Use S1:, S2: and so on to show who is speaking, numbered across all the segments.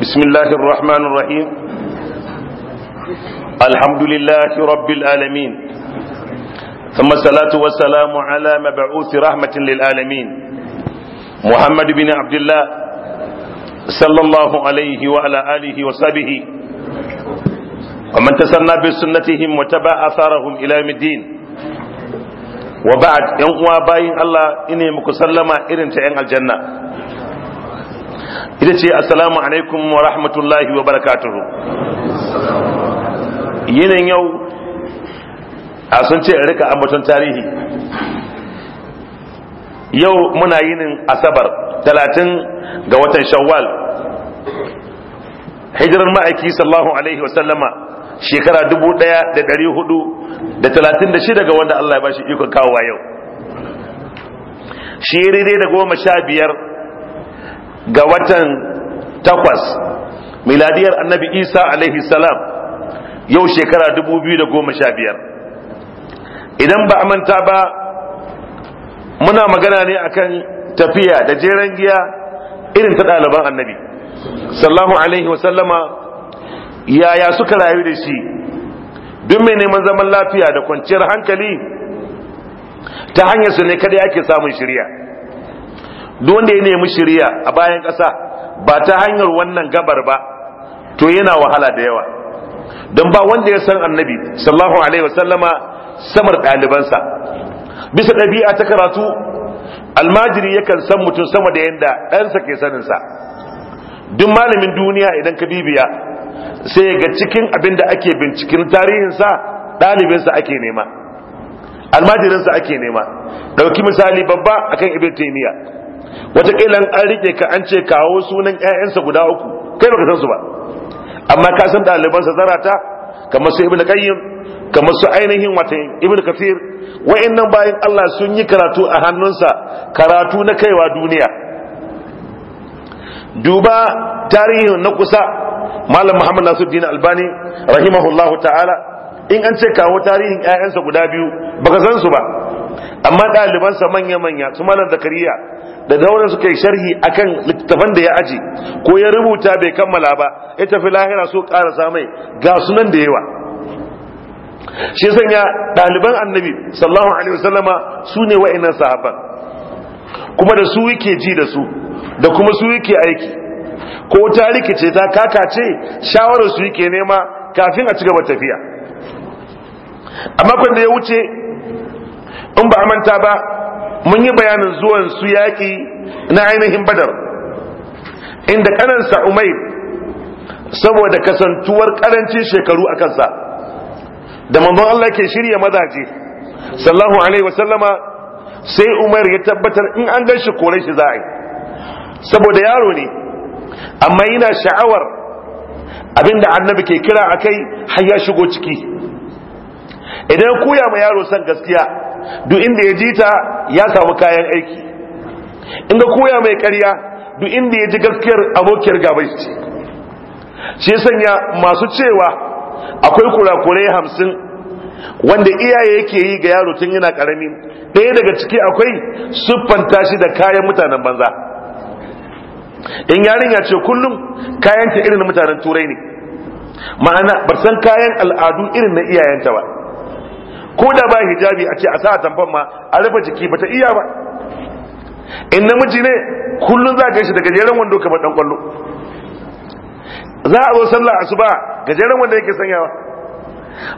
S1: بسم الله الرحمن الرحيم الحمد لله رب العالمين ثم الصلاة والسلام على مبعوث رحمة للعالمين محمد بن عبد الله صلى الله عليه وعلى آله وصحبه ومن تسنى بسنتهم وتبع أثارهم إلى يوم الدين وبعد يوم باين الله إني مكسلما إرنت عن الجنة ita ce assalamu alaikum wa rahmatullahi wa barakatuhu yinin yau a sun ce rika ambaton tarihi yau muna yinin asabar talatin ga watan shawwal hijirar ma'aiki sallahu alaihi wasallama shekara dubu daya da dari hudu da talatin da shida ga wanda Allah ya bashi ikon kawowa yau shi da goma sha biyar ga watan takwas miladiyar annabi isa alaihi salam yau shekara dubu biyu da goma sha biyar, idan ba a manta ba muna magana ne akan tafiya da jeren giya irin ta ɗaliban annabi sallahu alaihi wasallama yaya suka rayu da shi duk mai neman zaman lafiya da kwanciyar hankali ta hanyarsu ne kada ake samun shirya duk wanda ya nemi shiriya a bayan ƙasa ba ta hanyar wannan gabar ba to yana wahala da yawa don ba wanda ya san annabi sallallahu alaihi wasallama samar ɗalibansa bisa ɗabi'a ta karatu almajiri yakan san mutum sama da yadda ɗansa ke saninsa duk malamin duniya idan ka bibiya sai ga cikin abin da ake binciken tarihinsa ɗalibinsa ake nema almajirinsa ake nema ɗauki misali babba akan ibn taymiyyah wataƙila an rike ka an ce kawo sunan ƴaƴansa guda uku kai baka san su ba amma ka san ɗalibansa zarata kamar su ibnu qayyim kamar su ainihin wata ibnu kathir wa'annan bayan Allah sun yi karatu a hannunsa karatu na kaiwa duniya duba tarihin na kusa malam muhammad nasuddin albani rahimahullahu ta'ala in an ce kawo tarihin ƴaƴansa guda biyu baka san su ba amma ɗalibansa manya-manya su malam zakariya da dauran suka yi sharhi akan littafan da ya aji ko ya rubuta bai kammala ba ya tafi lahira so karasa mai ga sunan da yawa shi sanya ɗaliban annabi sallallahu alaihi wasallama su ne wa'annan sahaban kuma da su yake ji da su da kuma su yake aiki ko ta rikice ta ce shawarar su yake nema kafin a ci gaba tafiya amma da ya wuce in ba manta ba mun yi bayanin zuwan su yaƙi na ainihin badar inda kanansa umai, saboda kasantuwar ƙarancin shekaru a kansa da manzon Allah ke shirya mazaje sallahu alaihi wasallama sai umar ya tabbatar in an gan shi kore shi za yi saboda yaro ne amma yana sha'awar abinda annabi ke kira a kai har ya shigo ciki idan koya ma yaro san gaskiya duk inda ya ji ta ya samu kayan aiki in ga koya mai karya duk inda ya ji gaskiyar abokiyar gabai ce shi sanya masu cewa akwai kurakurai hamsin wanda iyaye yake yi ga yaro tun yana karami ɗaya daga ciki akwai siffanta shi da kayan mutanen banza in yarinya ce kullum kayanta irin mutanen turai ne ma'ana bar san kayan al'adu irin na iyayenta ba ko da ba hijabi a ce a sa tamfan ma a rufe jiki ba ta iya ba in namiji ne kullum za ka shi da gajeren wando kamar dan kwallo za a zo sallah asuba gajeren wanda yake sanyawa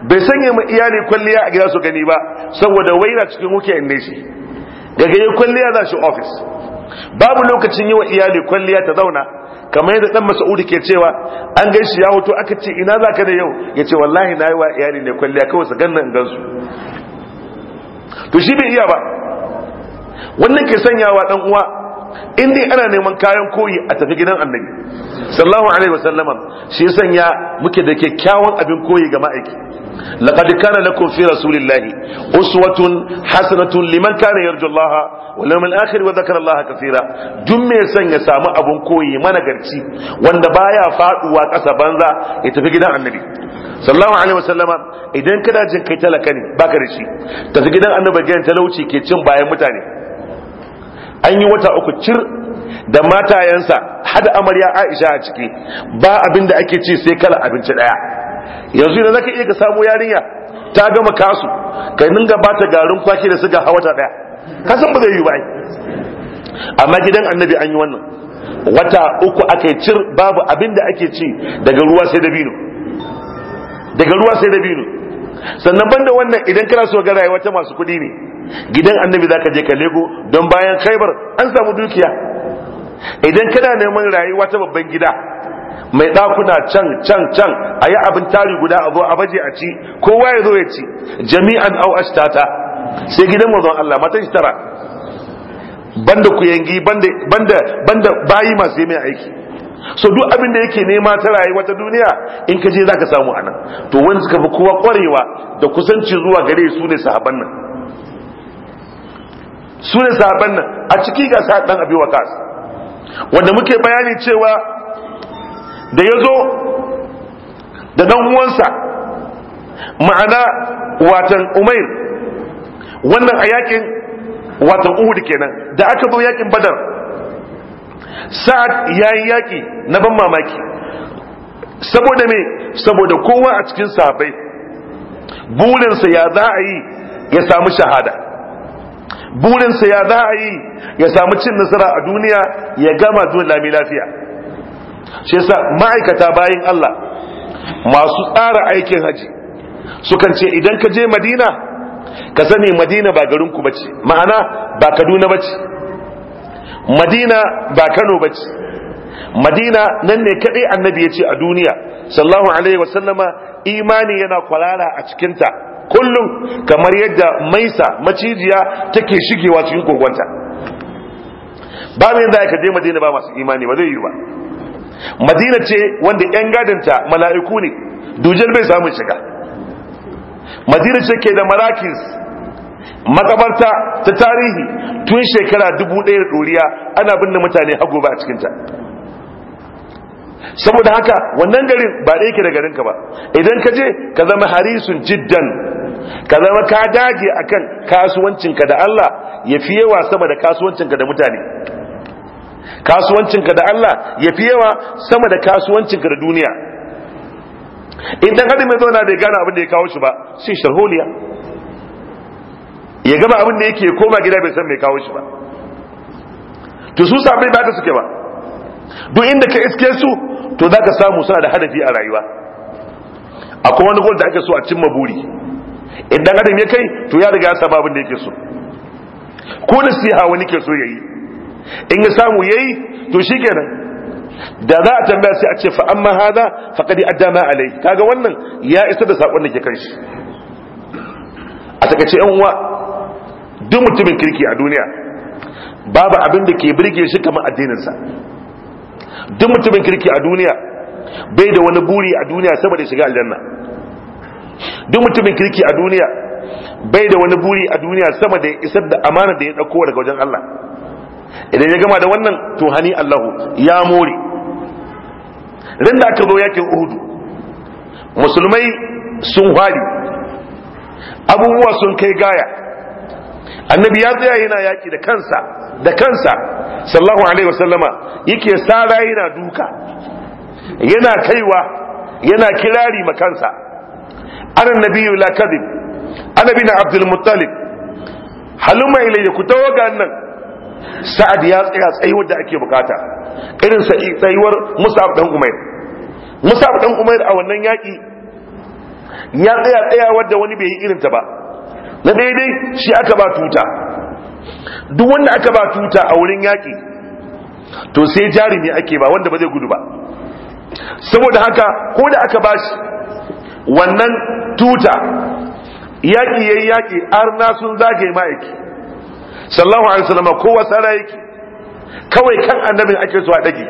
S1: bai sanya ma iyali kwalliya a gida su gani ba saboda wai waina cikin wuke inda shi daga yi kwalliya za shi ofis babu lokacin yi wa iyali kwalliya ta zauna kamar yadda dan Mas'udi ke cewa an gaishe ya hoto aka ce ina zaka da yau Ya ce wallahi nayi wa iyali ne kwalliya kawai sa ganna in gansu to shi bai iya ba wannan ke sanyawa dan uwa in dai ana neman kayan koyi a tafi gidan annabi sallallahu alaihi wasallama shi sanya muke da kyakkyawan abin koyi ga ma'aiki laqad kana lakum fi rasulillahi uswatun hasanatun liman kana yarju Allah wal yawmal akhir wa dhakara Allah kaseera duk mai sanya samu abin koyi mana garci wanda baya faduwa kasa banza ya tafi gidan annabi sallallahu alaihi wasallama idan kana jin kai talaka ne baka da shi tafi gidan annabi gidan talauci ke cin bayan mutane an yi wata uku cir da matayensa hada amarya aisha a ciki ba abin da ake ci sai kala abinci daya yanzu idan zaka iya ka samu yarinya ta gama kasu ka ninga ba ta garin kwaki da suga hawata daya san ba zai yi ba amma gidan annabi an yi wannan wata uku aka yi cir babu abin da ake ci daga ruwa sai dabino daga ruwa sai dabino sannan banda wannan idan kana so ga rayuwa ta masu kuɗi ne gidan annabi zaka je ka lego don bayan khaibar an samu dukiya idan kana neman rayuwa ta babban gida mai ɗakuna can can can a yi abin tari guda a zo a baje a ci kowa ya zo ya ci jami'an au ashtata sai gidan mazan Allah mata shi tara banda kuyangi banda banda banda bayi masu yi mai aiki so duk abin da yake nema ta rayuwa ta duniya in ka je zaka samu anan to wanda suka fi kowa kwarewa da kusanci zuwa gare su ne sahabban nan su ne nan a ciki ga sa'ad dan abi wakas wanda muke bayani cewa da ya zo da dan uwansa ma'ana watan umair wannan a yakin watan uhud kenan da aka zo yakin badar sa'ad yayi yaki na ban mamaki saboda me saboda kowa a cikin sahabbai burinsa ya za a yi ya samu shahada burinsa ya za a yi ya samu cin nasara a duniya ya gama zuwa lami lafiya shi yasa ma'aikata bayan Allah masu tsara aikin haji sukan ce idan ka je madina ka sani madina ba garinku ba ce ma'ana ba kaduna ba ce madina ba kano ba madina nan ne kaɗai annabi ya ce a duniya sallahu alaihi wasallama imani yana kwalala a cikinta kullum kamar yadda maisa macijiya take shigewa cikin kogonta ba mai da aka je madina ba masu imani ba zai yi ba madina ce wanda yan gadinta mala'iku ne dujal bai samu shiga madina ce ke da marakis makabarta ta tarihi tun shekara dubu ɗaya da ɗoriya ana binne mutane hagu ba a cikinta saboda haka wannan garin ba ɗaya ke da garinka ba idan ka je ka zama harisun jiddan ka zama ka dage akan kasuwancinka da Allah ya fi yawa sama da kasuwancinka da mutane kasuwancinka da Allah ya fi yawa sama da kasuwancinka da duniya idan dan mai zauna bai gane abin da ya kawo shi ba sai sharholiya ya gama abin da yake koma gida bai san mai kawo shi ba to su sabai ba ta suke ba duk inda ka iske su to za ka samu suna da hadafi a rayuwa akwai wani gol da ake so a cimma buri idan adam ya kai to ya riga ya saba abin da yake so ko na nasiha wani ke so yayi in ya samu yayi to shikenan da za a tambaya sai a ce fa amma hada kadi adama alai kaga wannan ya isa da sakon da ke kai shi a takaice yan uwa duk mutumin kirki a duniya babu abin da ke birge shi kamar addinin sa duk mutumin kirki a duniya bai da wani buri a duniya saboda shiga aljanna duk mutumin kirki a duniya bai da wani buri a duniya sama da isar da amana da ya dauko daga wajen Allah idan ya gama da wannan to hani Allahu ya more ran da aka zo yakin Uhud musulmai sun hwari, abubuwa sun kai gaya annabi ya tsaya yana yaki da kansa da kansa sallallahu alaihi wasallama yake sara yana duka yana kaiwa yana kirari makansa Anan nabiyu la kadib ana bin abdul muttalib halumma ilayya ku tawaga nan sa'ad ya tsaya tsayuwar da ake bukata irin sa tsayuwar musab dan umair musab dan umair a wannan yaki ya tsaya tsayawar da wani bai yi irin ta ba na daidai shi aka ba tuta duk wanda aka ba tuta a wurin yaki to sai jarumi ake ba wanda ba gudu ba saboda haka ko da aka bashi wannan tuta yaƙi yayi yaƙi arna sun zage ma'aiki sallahu alaihi wasallam kowa sara yake kawai kan annabin ake so a dage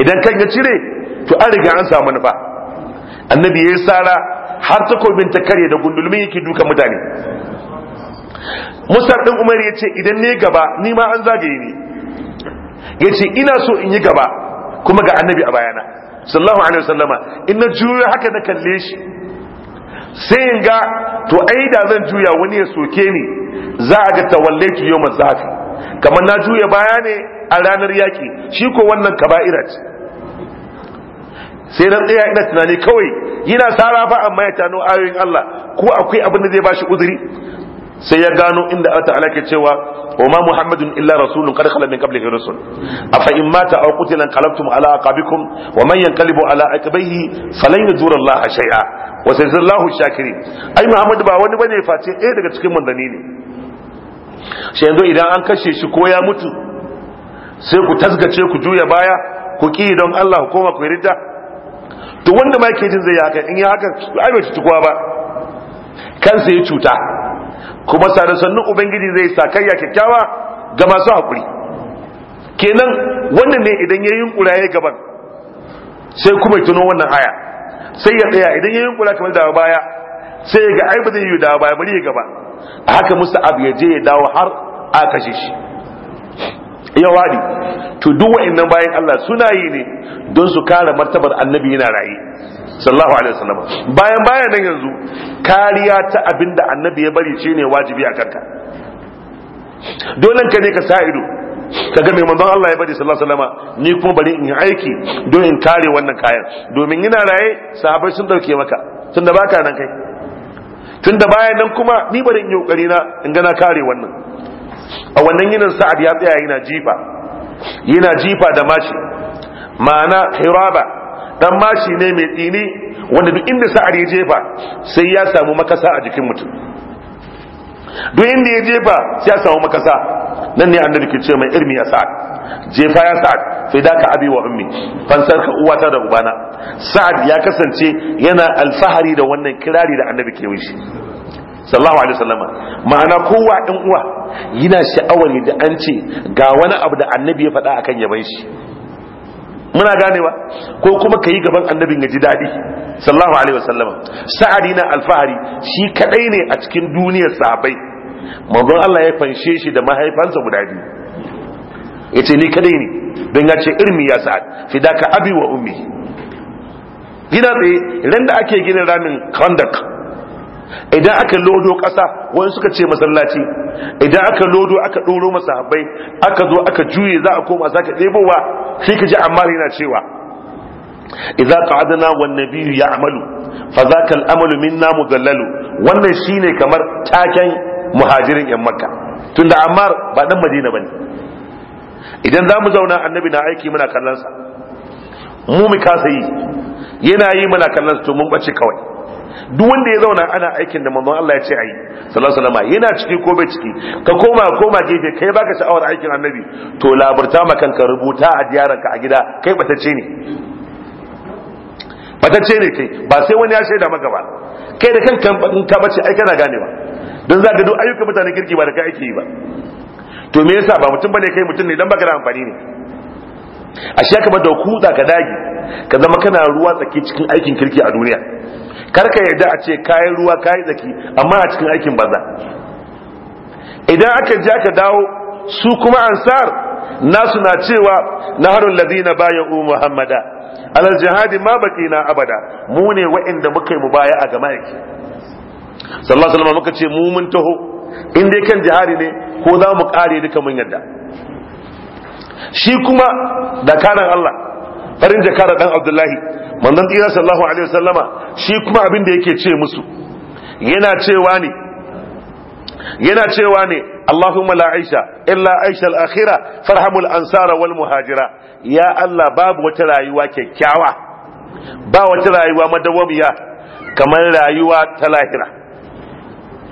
S1: idan kan ya cire to an riga an samu nufa annabi yayi sara har takobin ta kare da gundulmin yake duka mutane Musa ɗin umar ya ce idan ne gaba ni ma an zagaye ni ya ce ina so in yi gaba kuma ga annabi a bayana sallallahu alaihi wasallama in na juyo haka na kalle shi sai in ga to ai da zan juya wani ya soke ni za a ga tawallaitu yau mazafi kamar na juya baya ne a ranar yaƙi, shi ko wannan kaba'ira ce sai na tsaya ina tunani kawai yana sarrafa amma ya tano ayoyin Allah ko akwai abin da zai bashi uzuri sai ya gano inda Allah ta'ala ke cewa wa ma muhammadun illa rasulun qad khala min qablihi rusul afa in mata aw qutila qalabtum ala aqabikum wa man yanqalibu ala aqabihi falan yadurra Allah shay'a wa sayzillahu shakirin ai muhammad ba wani bane face eh daga cikin manzanni ne Sai yanzu idan an kashe shi ko ya mutu sai ku tasgace ku juya baya ku ki don Allah ku koma ku ridda to wanda ma yake jin zai yi haka in ya haka ai bai cutuwa ba kansa ya cuta kuma sare sannu ubangiji zai sakayya kyakkyawa ga masu hakuri kenan wannan ne idan yayin yunkura ya gaban sai kuma ya tuno wannan aya sai ya tsaya idan ya yunkura kamar da baya sai ya ga ai ba zai yi da baya bari ya gaba a haka musta'ab ya je ya dawo har a kashe shi ya wadi to duk wa'annan bayan Allah suna yi ne don su kare martabar annabi yana raye sallallahu alaihi wasallam bayan bayan nan yanzu kariya ta abinda annabi ya bari shine wajibi a kanka dole ka ne ka sa ido kaga mai manzon Allah ya bari sallallahu alaihi wasallam ni kuma bari in yi aiki don in kare wannan kayan domin yana raye sahabbai sun dauke maka tunda baka nan kai tunda bayan nan kuma ni bari in yi kokari na in gana kare wannan a wannan yinin sa'ad ya tsaya yana jifa yana jifa da mashi ma'ana hiraba dan mashi ne mai tsini wanda duk inda sa'ar ya jefa sai ya samu makasa a jikin mutum duk inda ya jefa sai ya samu makasa nan ne annabi ke ce mai irmi ya sa'ad jefa ya sa'ad sai da ka abi wa ummi fansar ka uwata da ubana sa'ad ya kasance yana alfahari da wannan kirari da annabi ke wishi sallallahu alaihi wasallama ma'ana kowa ɗan uwa yana sha'awar da an ce ga wani abu da annabi ya faɗa akan yaban shi muna ganewa ko kuma ka yi gaban annabin ya ji daɗi sallallahu alaihi wasallam sa'adi na alfahari shi kadai ne a cikin duniyar sahabbai manzon Allah ya fanshe shi da mahaifansa guda biyu yace ni kadai ne don ya ce irmi ya sa'ad fidaka abi wa ummi gina tsaye idan da ake gina ramin kandak idan aka lodo ƙasa wani suka ce masallaci idan aka lodo aka ɗoro masa Habbai, aka zo aka juye za a koma za ɗebo ɗebowa sai ka ji amma yana cewa Idan ka adana qa'adna biyu ya amalu fa za ka al'amalu min minna zallalu wannan ne kamar taken muhajirin yan makka tunda ammar ba dan madina ba ne. idan za mu zauna annabi na aiki muna kallonsa, mu mu kasa yi yana yi muna kallonsa to mun bace kawai duk wanda ya zauna ana aikin da manzon Allah ya ce ayi sallallahu alaihi wasallam yana ciki ko bai ciki ka koma koma gefe kai baka sha'awar aikin annabi to laburta ma kanka rubuta a diyaranka a gida kai ce ne ce ne kai ba sai wani ya shaida maka ba kai da kanka in ka bace ai kana gane ba don za ka duk ayyukan mutane kirki ba da kai ake yi ba to me yasa ba mutum bane kai mutum ne dan baka da amfani ne a ashe ka bada kuda ka dage ka zama kana ruwa tsaki cikin aikin kirki a duniya karka yarda a ce kayan ruwa kayi zaki amma a cikin aikin baza. idan aka ji aka dawo su kuma ansar nasu na cewa na harin naharul bayan bayu muhammada alal jihadi ma baki na abada mu ne wa'inda muka yi a gama ma'aiki sallallahu alaihi muka ce mu mun taho in dai kan jihadi ne ko za mu kare duka mun yadda shi kuma da karan Allah farin jakara dan abdullahi manzon tsira sallallahu alaihi wasallama shi kuma abin da yake ce musu yana cewa ne yana cewa ne Allahumma la aisha illa aisha al-akhira farhamul ansara wal muhajira ya Allah babu wata rayuwa kyakkyawa ba wata rayuwa madawamiya kamar rayuwa ta lahira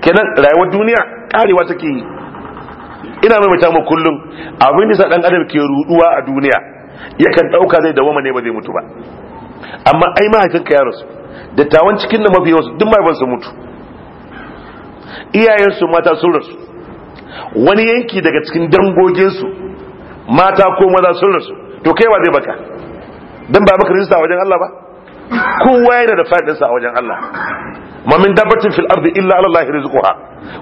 S1: kenan rayuwar duniya karewa take yi ina mai mu kullum abin da sa dan adam ke ruduwa a duniya yakan ɗauka zai dawama ne ba zai mutu ba amma ai mahaifinka ya rasu dattawan cikin da mafi yawansu duk ban su mutu iyayensu mata sun rasu wani yanki daga cikin dangoginsu mata ko maza sun rasu to kai ba zai baka dan ba baka rinsa a wajen Allah ba kowa yana da fadinsa a wajen Allah ma min dabbatin fil ardi illa ala allahi rizquha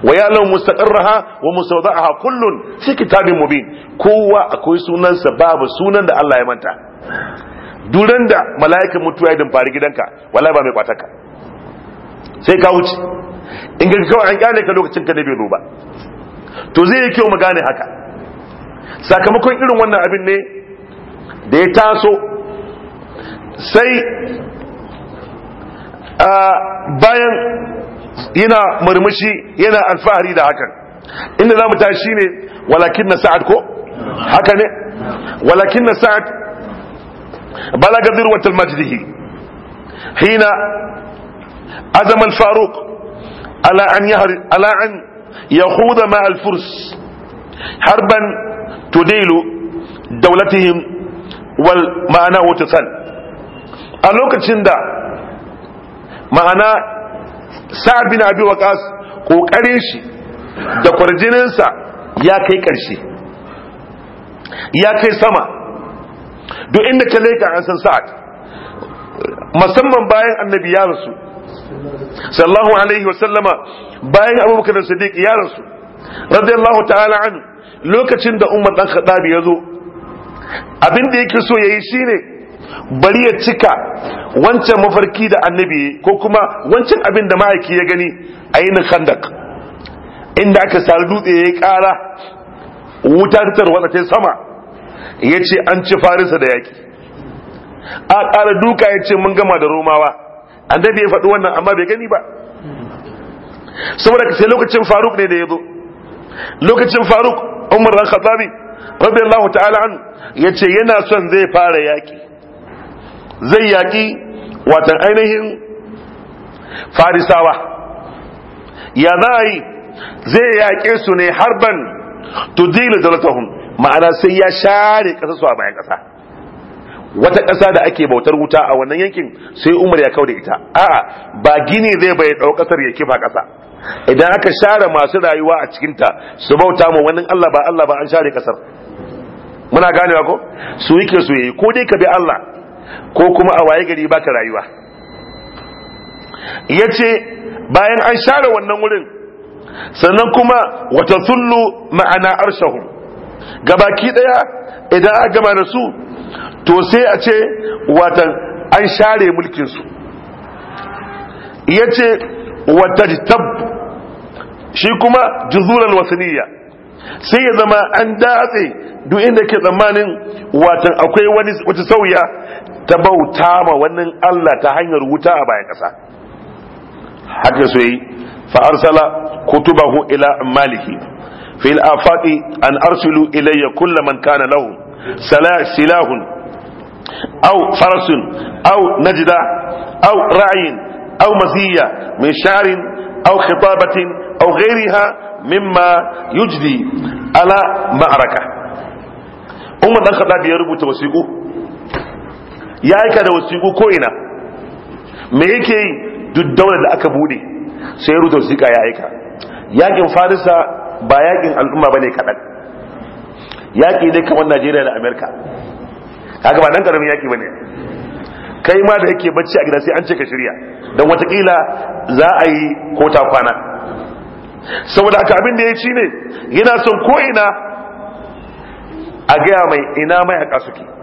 S1: wa ya'lamu mustaqarraha wa mustawda'aha kullun fi kitabin mubin kowa akwai sunansa babu sunan da Allah ya manta duran da mala'ikan mutuwa ya dimfari gidanka wallahi ba mai kwatarka sai ka wuce in ga kawai an kyale ka lokacin ka na bai ba to zai yi kyau mu gane haka sakamakon irin wannan abin ne da ya taso sai bayan yana murmushi yana alfahari da hakan inda za mu tashi ne walakin na sa'ad ko haka ne walakin na sa'ad balaga zirwatul majdihi hina azama al-faruq ala an yahri ala an Yahuda ma al-furs harban tudilu dawlatihim wal ma'ana sal. a lokacin da ma'ana sa'ad bin abi waqas kokarin shi da sa ya kai karshe ya kai sama duk inda ka leka an san sa'ad musamman bayan annabi ya rasu sallallahu alaihi wa sallama bayan abubakar siddiq ya rasu radiyallahu ta'ala anhu lokacin da umar dan khadabi ya zo abin da yake so yayi shine bari ya cika wancan mafarki da annabi ko kuma wancan abin da ma'aiki ya gani a yi khandak inda aka sari dutse ya yi kara wuta ta tarwata ta sama ya ce an ci farisa da yaki a kara duka ya ce mun gama da romawa annabi ya faɗi wannan amma bai gani ba saboda ka sai lokacin faruk ne da ya zo lokacin faruk umar ran khattabi radiyallahu ta'ala an ce yana son zai fara yaki zai yaƙi watan ainihin farisawa ya za yi zai yaƙe su ne harban tudilu dalatahum ma'ana sai ya share ƙasa su a bayan ƙasa wata ƙasa da ake bautar wuta a wannan yankin sai umar ya kauda ita a'a ba gini zai bai ɗau ƙasar ya kifa ƙasa idan aka share masu rayuwa a cikinta su bauta mu wannan allah ba allah ba an share ƙasar muna ganewa ko su yake su yi ko dai ka bi allah ko kuma a waye gari baka rayuwa yace bayan an share wannan wurin sannan kuma wata sullu ma'ana arshahum gabaki daya idan aka gama da su to sai a ce watan an share mulkinsu ya ce wata shi kuma juzuran wasaniya sai ya zama an datse duk inda ke tsammanin watan akwai wani wata sauya ta bauta ma wani Allah ta hanyar wuta a bayan ƙasa haka su yi fa kutubahu ila maliki fi afaqi an arsulu ilayya kulla man kana lahu silahun au farasun au najda au ra'ayin au maziya min sha'rin au khitabatin au ghayriha mimma yujdi ala ma'araka umar dan kada ya rubuta wasiƙu ya aika da wasiƙu ko ina me yake yi duk daular da aka bude sai ya rubuta wasiƙa ya aika yakin farisa ba yakin al'umma bane kaɗan yaki ne kamar najeriya da amerika kaga ba nan karamin yaki bane kai ma da yake bacci a gida sai an ce ka shirya don watakila za a yi ko ta kwana saboda aka abin da ya ci ne yana son ko ina a gaya mai ina mai haka suke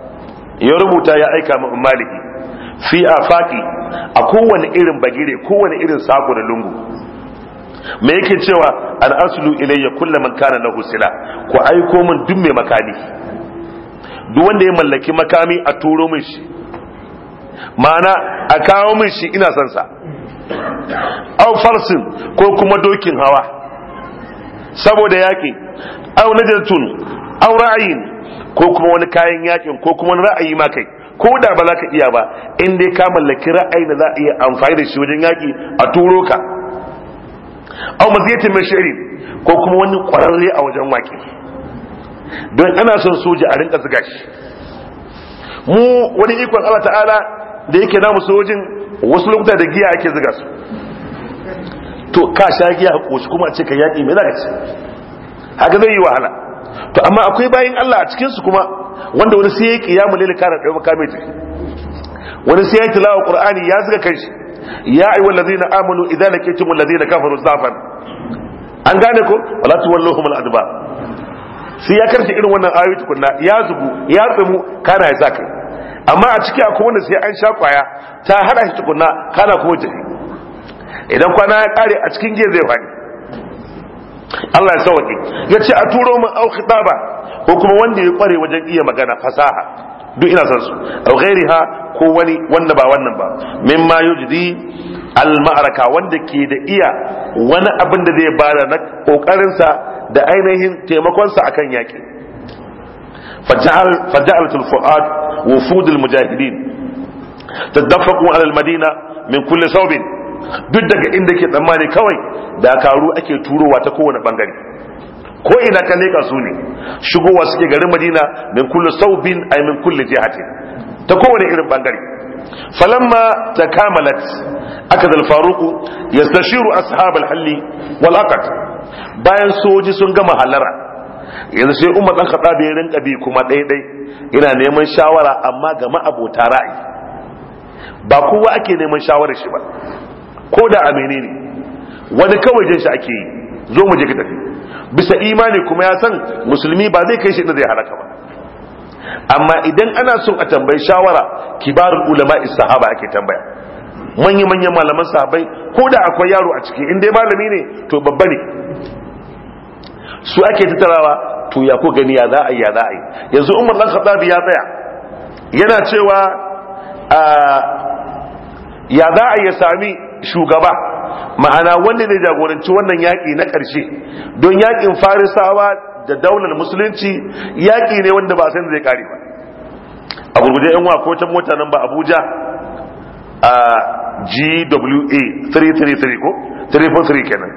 S1: ya rubuta ya aika ma maliki fi afaki a kowane irin bagire kowane irin sako da lungu me yake cewa an aslu ilayya kullu man kana lahu sila ku aiko min duk mai makami duk wanda ya mallaki makami a turo min shi ma'ana a kawo min shi ina son sa aw farsin ko kuma dokin hawa saboda yaki aw najatun aw ra'ayin ko kuma wani kayan yakin ko kuma wani ra'ayi ma kai ko da ba za ka iya ba in dai ka mallaki ra'ayi da za a iya amfani da shi wajen yaki a turo ka aw maziyatin min ko kuma wani kwararre a wajen waki don ana son soja a rinka zuga shi mu wani ikon Allah ta'ala da yake namu sojin wasu lokuta da giya ake zuga su to ka sha giya a kuma a ce ka yaki me za ka ce haka zai yi wahala to amma akwai bayin Allah a cikin su kuma wanda wani sai ya kiyamu lil kana da makami tafi wani sai ya tilawa qur'ani ya zuga kanshi ya ayyuhal ladina amanu idza lakitum na kafaru zafan an gane ko wala tuwalluhum al adba sai ya karanta irin wannan ayoyi tukunna ya zubu ya tsamu kana ya zaka amma a ciki akwai wanda sai an sha kwaya ta hada shi tukunna kana kuma tafi idan kwana ya kare a cikin giya zai Allah ya sauke ya ce a turo min au khitaba ko kuma wanda ya kware wajen iya magana fasaha duk ina san su au ghairiha ko wani wanda ba wannan ba mimma yujdi al ma'araka wanda ke da iya wani abin da zai bada na kokarin sa da ainihin taimakon sa akan yaki faja'al faja'alatul fu'ad wufud al mujahidin tadaffaqu ala al madina min duk daga inda ke tsammani kawai da dakaru ake turowa ta kowane bangare ko ina ka leka su ne shigowa suke garin madina min kullu saubin ay min kulli jihati ta kowane irin bangare falamma takamalat aka zal faruq yastashiru ashab al-halli wal aqad bayan soji sun gama halara yanzu sai umar dan khattab ya rinka bi kuma dai ina neman shawara amma ga ma'abota ra'ayi ba kowa ake neman shawarar shi ba ko da a menene wani kawai jin shi ake yi zo mu je ka tafi bisa imani kuma ya san musulmi ba zai kai shi inda zai halaka ba amma idan ana son a tambayi shawara kibarul ulama sahaba ake tambaya manya-manyan malaman sahabai ko da akwai yaro a ciki in dai malami ne to babba ne su ake tattarawa to ya ko gani ya za a ya za a yanzu umar dan khattabi ya tsaya yana cewa ah, ya za a ya sami shugaba ma'ana wanda zai jagoranci wannan yaƙi na ƙarshe don yaƙin farisawa da daular musulunci yaƙi ne wanda ba san zai kare ba a gurguje yan ko ta mota nan ba abuja a gwa 333 ko 343 kenan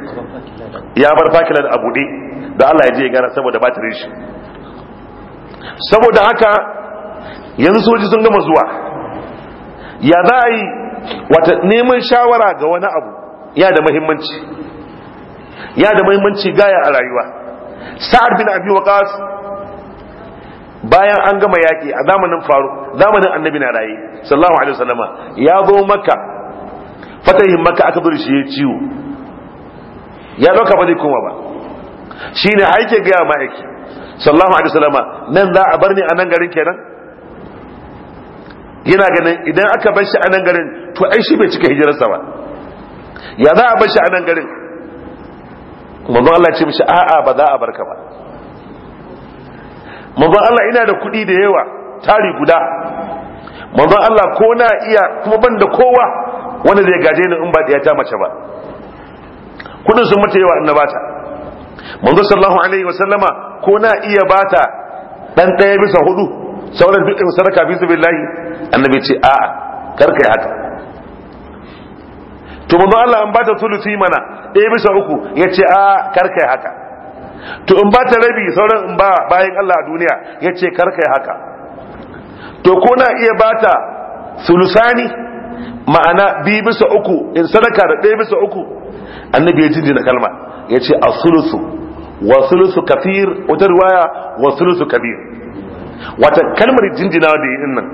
S1: ya bar fakilar a buɗe da allah ya je ya gara saboda batirin shi saboda haka yanzu soji sun gama zuwa ya za a yi wata neman shawara ga wani abu ya da muhimmanci ya da muhimmanci gaya a rayuwa sa'ad bin abi waqas bayan an gama yaki a zamanin faru zamanin annabi na raye sallallahu alaihi wasallama ya zo makka fatahin makka aka zo shi ya ciwo ya dauka ba zai koma ba shine aike ga ya ma'aiki sallallahu alaihi wasallama nan za a bar ni a nan garin kenan yana ganin idan aka bar shi a nan garin to ai shi bai cika hijirarsa ba ya za a bar shi a nan garin manzon Allah ce mishi a'a ba za a barka ba manzon Allah ina da kuɗi da yawa tari guda manzon Allah ko na iya kuma ban da kowa wanda zai gaje ni in ba da ta mace ba kudin sun mata yawa bata manzo sallallahu alaihi wasallama ko na iya bata dan ɗaya bisa hudu sauran duk sadaka fi sabilillahi annabi ce a'a kar kai haka to manzo Allah an bata fi mana ɗaya bisa uku yace a kar kai haka to in bata rabi sauran in ba bayan Allah a duniya yace kar kai haka to kuna iya bata sulusani ma'ana bi bisa uku in sadaka da ɗaya bisa uku annabi ya na kalma yace a sulusu wa sulusu kafir, wata riwaya wa sulusu kabir wata kalmar jinjinawa da yin nan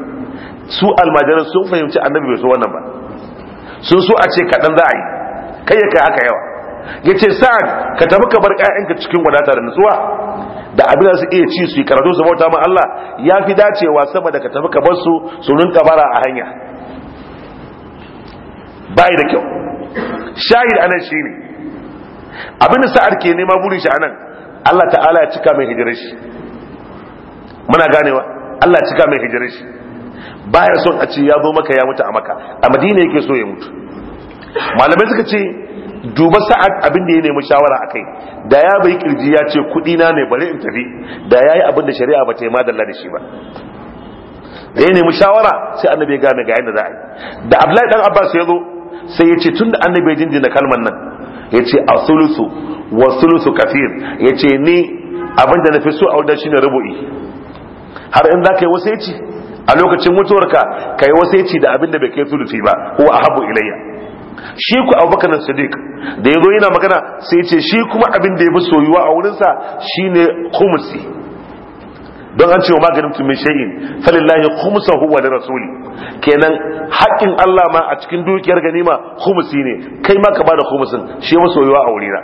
S1: su almajiran sun fahimci annabi bai so wannan ba sun so a ce kaɗan za a yi kai ya kai haka yawa ya ce sa'ad ka tafi ka bar ƴaƴanka cikin wadata da nutsuwa da abin da su iya ci su yi karatu su bauta ma Allah ya fi dacewa sama da ka tafi ka bar su su rinka a hanya bai da kyau shahid anan shine abin da sa'ad ke nema burin shi anan Allah ta'ala ya cika mai hijirar shi muna ganewa Allah cika mai hijirar shi baya son a ce ya zo maka ya mutu a maka a madina yake so ya mutu malamai suka ce duba sa'ad abin da ya nemi shawara a kai da ya bai kirji ya ce kudi na ne bari in tafi da ya yi abin da shari'a ba ta yi madalla da shi ba da ya nemi shawara sai annabi ya gane ga yadda za a yi da abdullahi dan abbas ya zo sai ya ce tun da annabi ya jinjina kalmar nan ya ce a sulusu wa sulusu kafir ya ce ni abin da na fi so a wajen shine rubu'i har in za ka yi wasaici a lokacin mutuwarka ka yi wasaici da abin da bai kai sulufi ba ko a habu ilayya shi ku abubakar sadiq da ya zo yana magana sai ce shi kuma abin da ya fi soyuwa a wurinsa shine khumsi don an ce wa maganin tumin shayin falillahi huwa wa rasuli kenan haƙƙin Allah ma a cikin dukiyar ganima khumsi ne kai ma ka bada khumsin shi soyuwa a wurina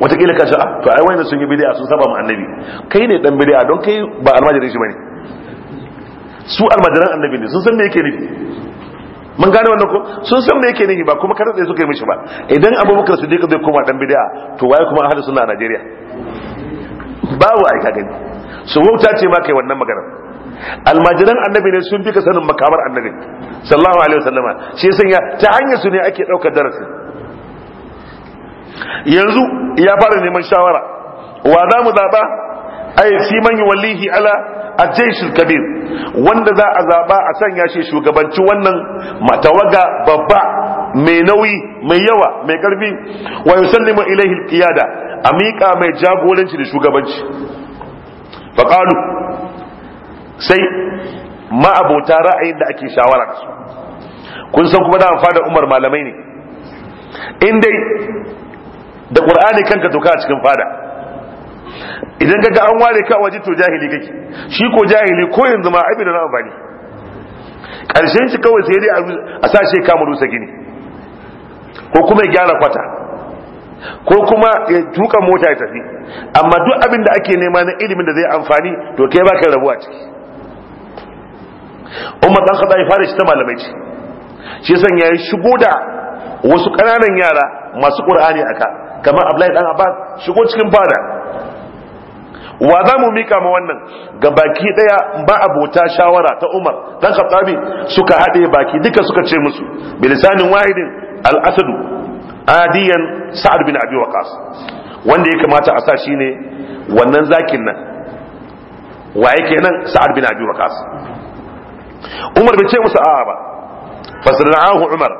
S1: Watakila ka sha'a ah, to ai wani sun yi bidiya sun saba ma annabi kai ne dan bidiya don kai ba almajirin shi bane su almajiran annabi ne sun san me yake nufi mun gane wannan ko sun san me yake nufi ba kuma kada sai kai yi mishi ba idan abubakar siddiq zai koma dan bidiya to waye kuma ahlus sunna a najeriya babu ai ka gani su wauta ce ma kai wannan maganar almajiran annabi ne sun fi ka sanin makamar annabi sallallahu alaihi wasallama shi sanya ta hanyar su ne ake daukar darasi yanzu ya fara neman shawara wa za mu zaba ai fi man yuwallihi ala ajishul kabir wanda za a zaba a sanya shi shugabanci wannan matawaga babba mai nauyi mai yawa mai ƙarfi? wa yusallimu ilaihi a miƙa mai jagoranci da shugabanci faqalu sai ma abota ra'ayin da ake shawara kun san kuma da amfana umar malamai ne in dai da qur'ani kanka doka a cikin fada idan kaga an ware ka waje to jahili kake shi ko jahili ko yanzu ma abin da na amfani karshen shi kawai sai dai a sa shi kama rusa gini ko kuma ya gyara kwata ko kuma ya tuka mota ya tafi amma duk abin da ake nema na ilimin da zai amfani to kai rabu a ciki umar dan kada ya fara shi ta malamai ce shi san yayi shigo da wasu kananan yara masu qur'ani ka. kamar Abdullahi dan Abbas shigo cikin fada wa za mu mika ma wannan ga baki daya ba abota shawara ta Umar dan Khattabi suka hade baki duka suka ce musu bilisanin wahidin al-asad adiyan sa'ad bin abi waqas wanda ya kamata a sa shine wannan zakin nan waye kenan sa'ad bin abi waqas Umar bai ce musu a'a ba fasirna'ahu Umar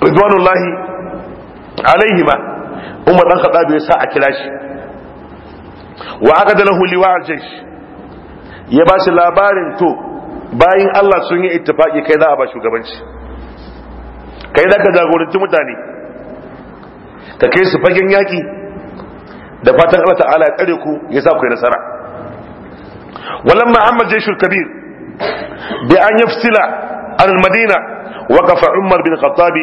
S1: ridwanullahi ba umar dan khattab ya sa a kira shi wa da lahu liwa al-jaysh ya ba shi labarin to bayan Allah sun yi ittifaki kai za a ba shugabanci kai za ka jagoranci mutane ka kai su fagen yaki da fatan Allah ta'ala ya tsare ku ya sa ku yi nasara wallan muhammad jayshul kabir bi an yafsila al-madina وقف عمر بن الخطاب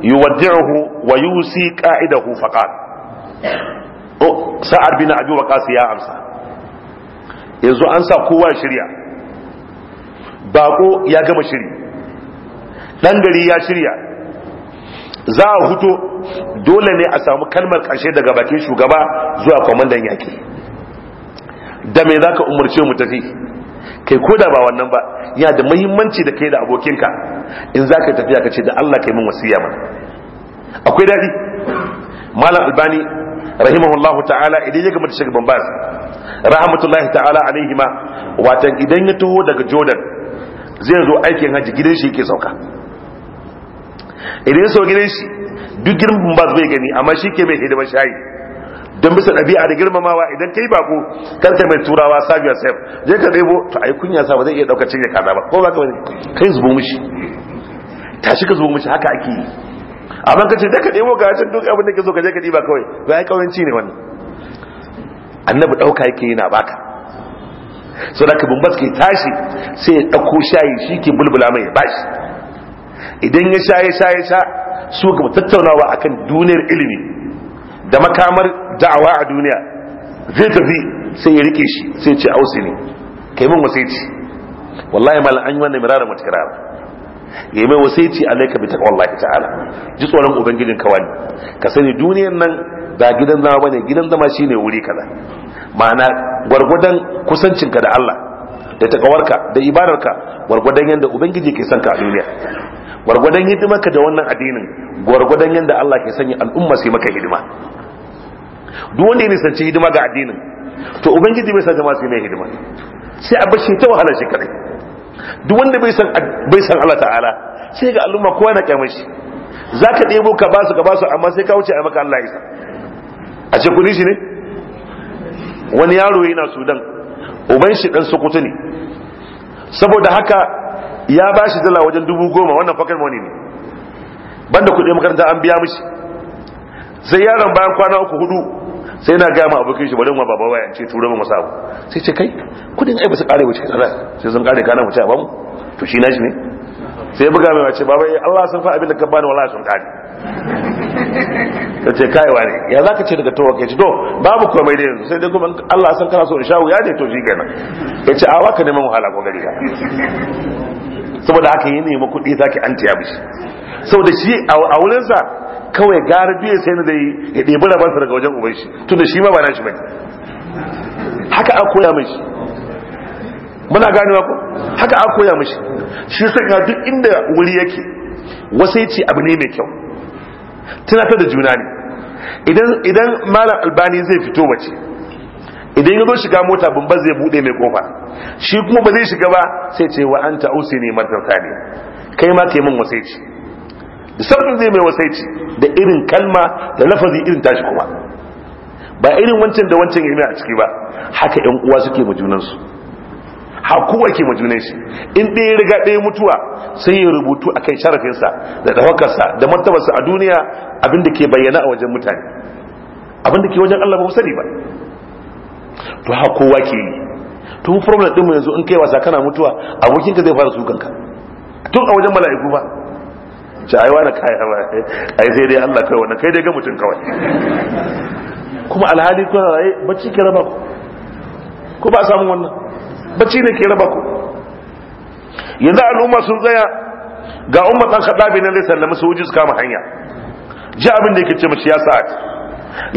S1: yuwaddi'uhu wa yusi qa'idahu faqat oh, sa'ad bin abi waqas ya amsa yanzu an sa kowa shirya bako ya gama shiri dan gari ya shirya za a huto dole ne a samu kalmar ƙarshe daga bakin shugaba zuwa kwamandan yaƙi da me za ka umarce mu tafi kai ko da ba wannan ba yana da muhimmanci da kai da abokinka in za ka tafiya ka ce da Allah kai min wasiya mana akwai daɗi malam albani rahimahullahu ta'ala idan ya ga mutum shagaban bas rahmatullahi ta'ala ma watan idan ya taho daga jordan zai zo aikin hajji gidan shi yake sauka idan ya sau gidan shi duk girin bumbas bai gani amma shi ke mai hidimar shayi don bisa ɗabi'a da girmamawa idan kai bako kar kai mai turawa save yourself je ka ɗebo to ai kunya sa ba zai iya ɗaukar cinye kaza ba ko ba ka wani kai zubo mishi tashi ka zubo mishi haka ake yi amma kace da ka ɗebo ga wancan duk abin da ke so ka je ka ɗiba kawai ba ai kawanci ne wani annabi ɗauka yake yana baka so da ka bumbas ke tashi sai ya ɗauko shayi shi ke bulbula mai bashi idan ya sha ya sha ya sha su ga tattaunawa akan duniyar ilimi da makamar da'awa a duniya zai tafi sai ya rike shi sai ce ausi ne kai min wasaici wallahi mal an yi wannan mirara mutirar yayi mai wasaici alayka bi taqwallahi ta'ala ji tsoron ubangijin ka wani ka sani duniyar nan ba gidan zama bane gidan zama shine wuri kaza ma'ana gwargwadon kusancinka da Allah da takawarka da ibadarka gwargwadon yadda ubangiji ke son ka a duniya gwargwadon hidimarka da wannan addinin gwargwadon yadda Allah ke sanya al'umma sai maka hidima duk wanda ya nisanci hidima ga addinin to ubangiji bai san jama'a su mai hidima sai a bashi ta wahala shi kadai duk wanda bai san bai san Allah ta'ala sai ga al'umma kowa na kyamar shi zaka debo ka basu ka su amma sai ka wuce a maka Allah isa a ce kudi shi ne wani yaro yana Sudan uban shi dan Sokoto ne saboda haka ya ba shi dala wajen dubu goma wannan fakar money ne banda kuɗi makaranta an biya mishi sai yaron bayan kwana uku hudu sai na gama abokin shi bari ma baba waya ce turo mu samu sai ce kai kudin ai ba su kare ba cikin Allah sai sun kare kana mutai ba mu to shi naji ne sai buga mai wace baba ya eh, Allah sun fa abin da ka bani wallahi sun kare sai ce kai wani ya zaka ce daga tawakkal ce to babu komai da yanzu sai dai kuma Allah san kana so in shawo ya dai to shi kenan ce a waka neman wahala ko gari ka saboda haka yi ne makudi kudi zaki an tiya bishi saboda shi a wurinsa kawai gara biya sai na da yi ya ɗebi labarsa daga wajen ubai shi tun da shi ma ba na shi bane haka an koya mai muna ko haka an koya mai shi shi sanya duk inda wuri yake wasu ya ce abu ne mai kyau Tana tunatar da juna ne idan malam albani zai fito wace idan ya zo shiga mota bumba zai bude mai kofa shi kuma ba zai shiga ba sai ce wa an ta'usi ne matarsa ne kai ma ke min wasai ce musamman zai mai wasaici da irin kalma da lafazi irin tashi kuma ba irin wancan da wancan yana a ciki ba haka yan uwa suke ma junansu hakuwa ke majunan shi in ɗaya riga ɗaya mutuwa sai ya rubutu a kan sharafinsa da ɗaukarsa da martabarsa a duniya abinda ke bayyana a wajen mutane abinda ke wajen allah ba sani ba to haka kowa ke yi tun problem ɗin mu yanzu in kai wasa kana mutuwa abokinka zai fara sukanka tun a wajen mala'iku ba ci ai wani kaya ba ai sai dai Allah kai wannan kai dai ga mutum kawai kuma alhali kuna ai bacci ke raba ku ku ba samu wannan bacci ne ke raba ku yanzu al'umma sun tsaya ga ummatan ɗan kaɗa na zai sallama su wuji su kama hanya ji abin da yake ce mace ya sa'ad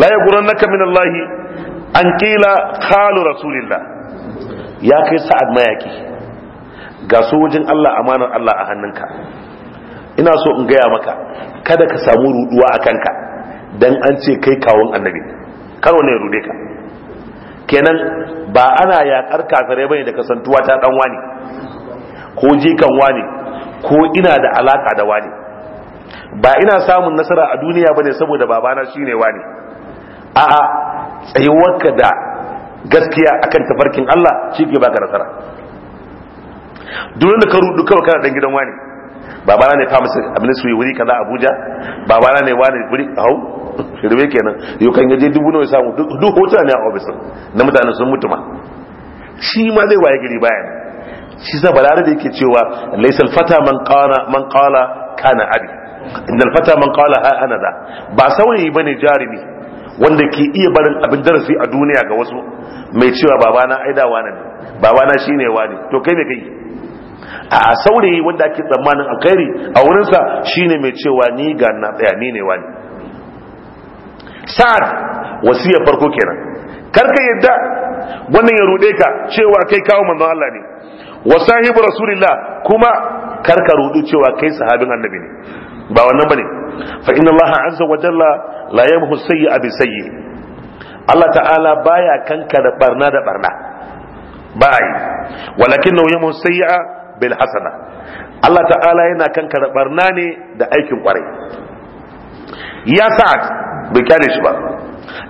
S1: la ya guran min Allah an kila khalu rasulillah ya kai sa'ad mayaki ga sojin Allah amanar Allah a hannunka ina so in gaya maka kada ka samu ruduwa a kanka dan an ce kai kawon annabi karo ne rude ka kenan ba ana yakar kafirai bane da kasantuwa ta dan wani ko jikan wani ko ina da alaka da wani ba ina samun nasara a duniya bane saboda babana shine wani a'a tsayuwarka da gaskiya akan tafarkin Allah shi ke baka nasara duk da ka rudu kawai kana dan gidan wani babana ne su yi wuri kaza abuja babana ne wani wuri hau shirme kenan yau kan yaje dubu nawa samu duk hotuna ne a ofis na mutane sun mutu ma shi ma zai waye gari bayan shi sa balare da yake cewa laysal fata man qala man qala kana abi innal fata man qala ha ana da ba saurayi bane jarimi wanda ke iya barin abin darasi a duniya ga wasu mai cewa babana aidawa ne babana shine wani to kai me kai a saurayi wanda ake tsammanin alkhairi a wurinsa shine mai cewa ni ga na tsaya ni ne wani sa'ad wasiyar farko kenan karka yadda wannan ya rude ka cewa kai kawo manzon Allah ne wa sahibu rasulillah kuma karka rudu cewa kai sahabin annabi ne ba wannan bane fa inna Allah azza wa jalla la yamhu sayyi'a bi sayyi Allah ta'ala baya kanka da barna da barna ba yi walakin yamhu sayyi'a bil hasana Allah ta'ala yana kankara barna ne da aikin ƙwarai. ya sa'ad bai kyale shi ba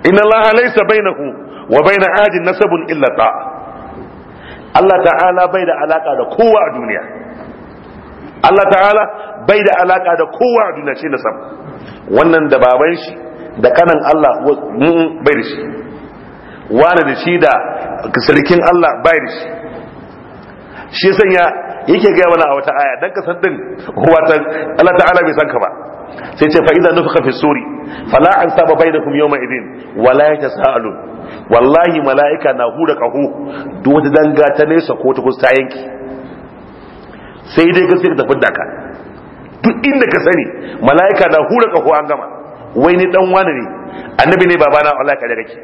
S1: inna Allah laysa bainahu wa baina ajin nasabun illa ta'a Allah ta'ala bai da alaka da kowa a duniya Allah ta'ala bai da alaka da kowa a duniya shi nasab wannan da baban shi da kanan Allah bai da shi wani da shi da sarkin Allah bai da shi shi sanya yake gaya mana a wata aya dan ka san din watan Allah ta'ala bai san ka ba sai ce fa idan nufika fi suri fala an saba bainakum yawma idin wala yatasalu wallahi malaika na hura kahu duk wata danga ta nesa ko ta kusa yanki sai dai ka ta da ka duk inda ka sani malaika na hura kahu an gama wai ni dan wani ne annabi ne babana wallahi ka da kake